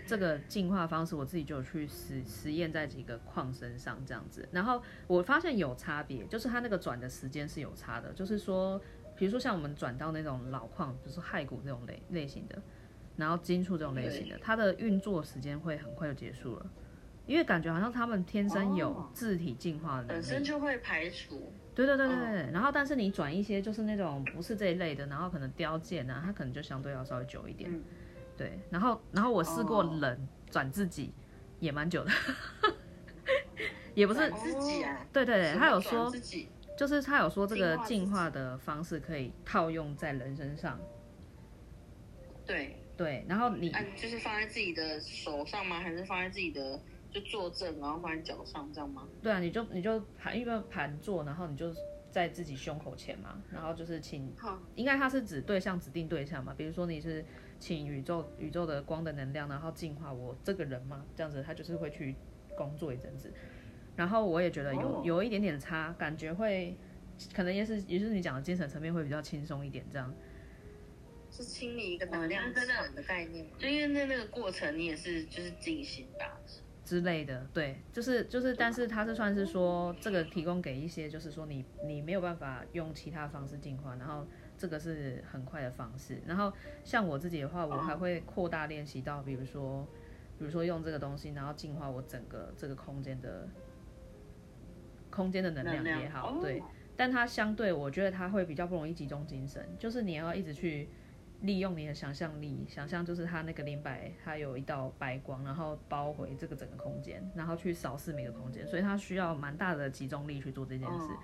這個淨化方式，我自己就有去實實驗在幾個礦身上這樣子，然後我發現有差別，就是它那個轉的時間是有差的，就是說比如說像我們轉到那種老礦，比如說骸骨這種類類型的，然後金屬這種類型的，它的運作時間會很快就結束了，因為感覺好像他們天生有自體淨化的能力、哦、人本身就會排除。對對對對對、哦，然後但是你轉一些就是那種不是這一類的，然後可能雕件啊，它可能就相對要稍微久一點。嗯、對，然後然後我試過冷、哦、轉自己，也蠻久的，呵呵也不是自己啊。對對對，他有說，就是他有說這個淨化、淨化的方式可以套用在人身上。對對，然後你、啊、就是放在自己的手上嗎？還是放在自己的？就坐正，然後放在腳上，這樣嗎？對啊，你就你就盤，因為盤坐，然後你就在自己胸口前嘛，然後就是請，哦、應該他是指對象指定對象嘛，比如說你是請宇宙宇宙的光的能量，然後淨化我這個人嘛，這樣子他就是會去工作一陣子，然後我也覺得有、哦、有一點點差，感覺會，可能也是也就是你講的精神層面會比較輕鬆一點這樣，是清理一個能量層面的概念嘛，就因為那那個過程你也是就是進行吧。之類的，對，就是就是，但是他是算是說，這個提供給一些，就是說你你沒有辦法用其他方式淨化，然後這個是很快的方式。然後像我自己的話，我還會擴大練習到，比如說比如說用這個東西，然後淨化我整個這個空間的，空間的能量也好，對。但它相對，我覺得它會比較不容易集中精神，就是你要一直去。利用你的想象力，想象就是他那個靈擺，他有一道白光，然後包圍這個整個空間，然後去掃視每個空間，所以他需要蠻大的集中力去做這件事。哦、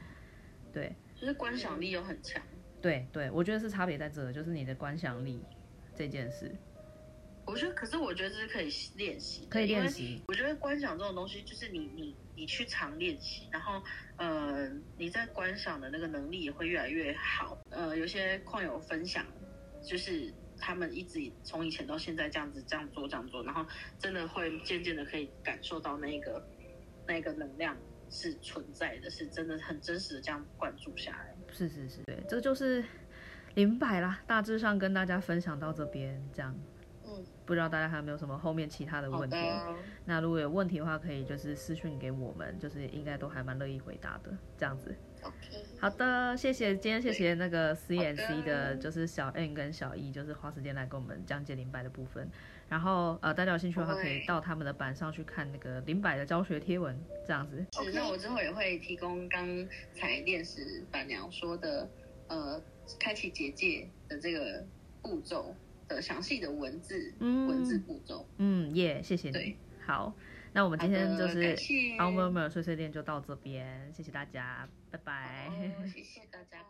對，就是觀想力又很強。對對，我覺得是差別在這，就是你的觀想力這件事。我覺得，可是我覺得是可以練習，可以練習。我覺得觀想這種東西，就是你你你去常練習，然後呃，你在觀想的那個能力也會越來越好。呃，有些礦友分享。就是他們一直從以前到現在這樣子，這樣做，這樣做，然後真的會漸漸的可以感受到那個那個能量是存在的，是真的很真實的這樣灌注下來。是是是，對，這就是靈擺啦，大致上跟大家分享到這邊這樣。嗯，不知道大家還有沒有什麼後面其他的問題？啊、那如果有問題的話，可以就是私訊給我們，就是應該都還蠻樂意回答的這樣子。Okay, 好的，謝謝，今天謝謝那個 C n C 的就是小 N 跟小 E，就是花時間來跟我們講解靈擺的部分。然後呃，大家有興趣的話，可以到他們的板上去看那個靈擺的教學貼文，這樣子 okay。那我之後也會提供剛才電視板聊說的呃，開啟結界的這個步驟的詳細的文字、嗯、文字步驟。嗯，耶、yeah，謝謝你，你好。那我們今天就是 AlMurmur 碎碎念就到這邊，謝謝大家，拜拜，謝謝大家。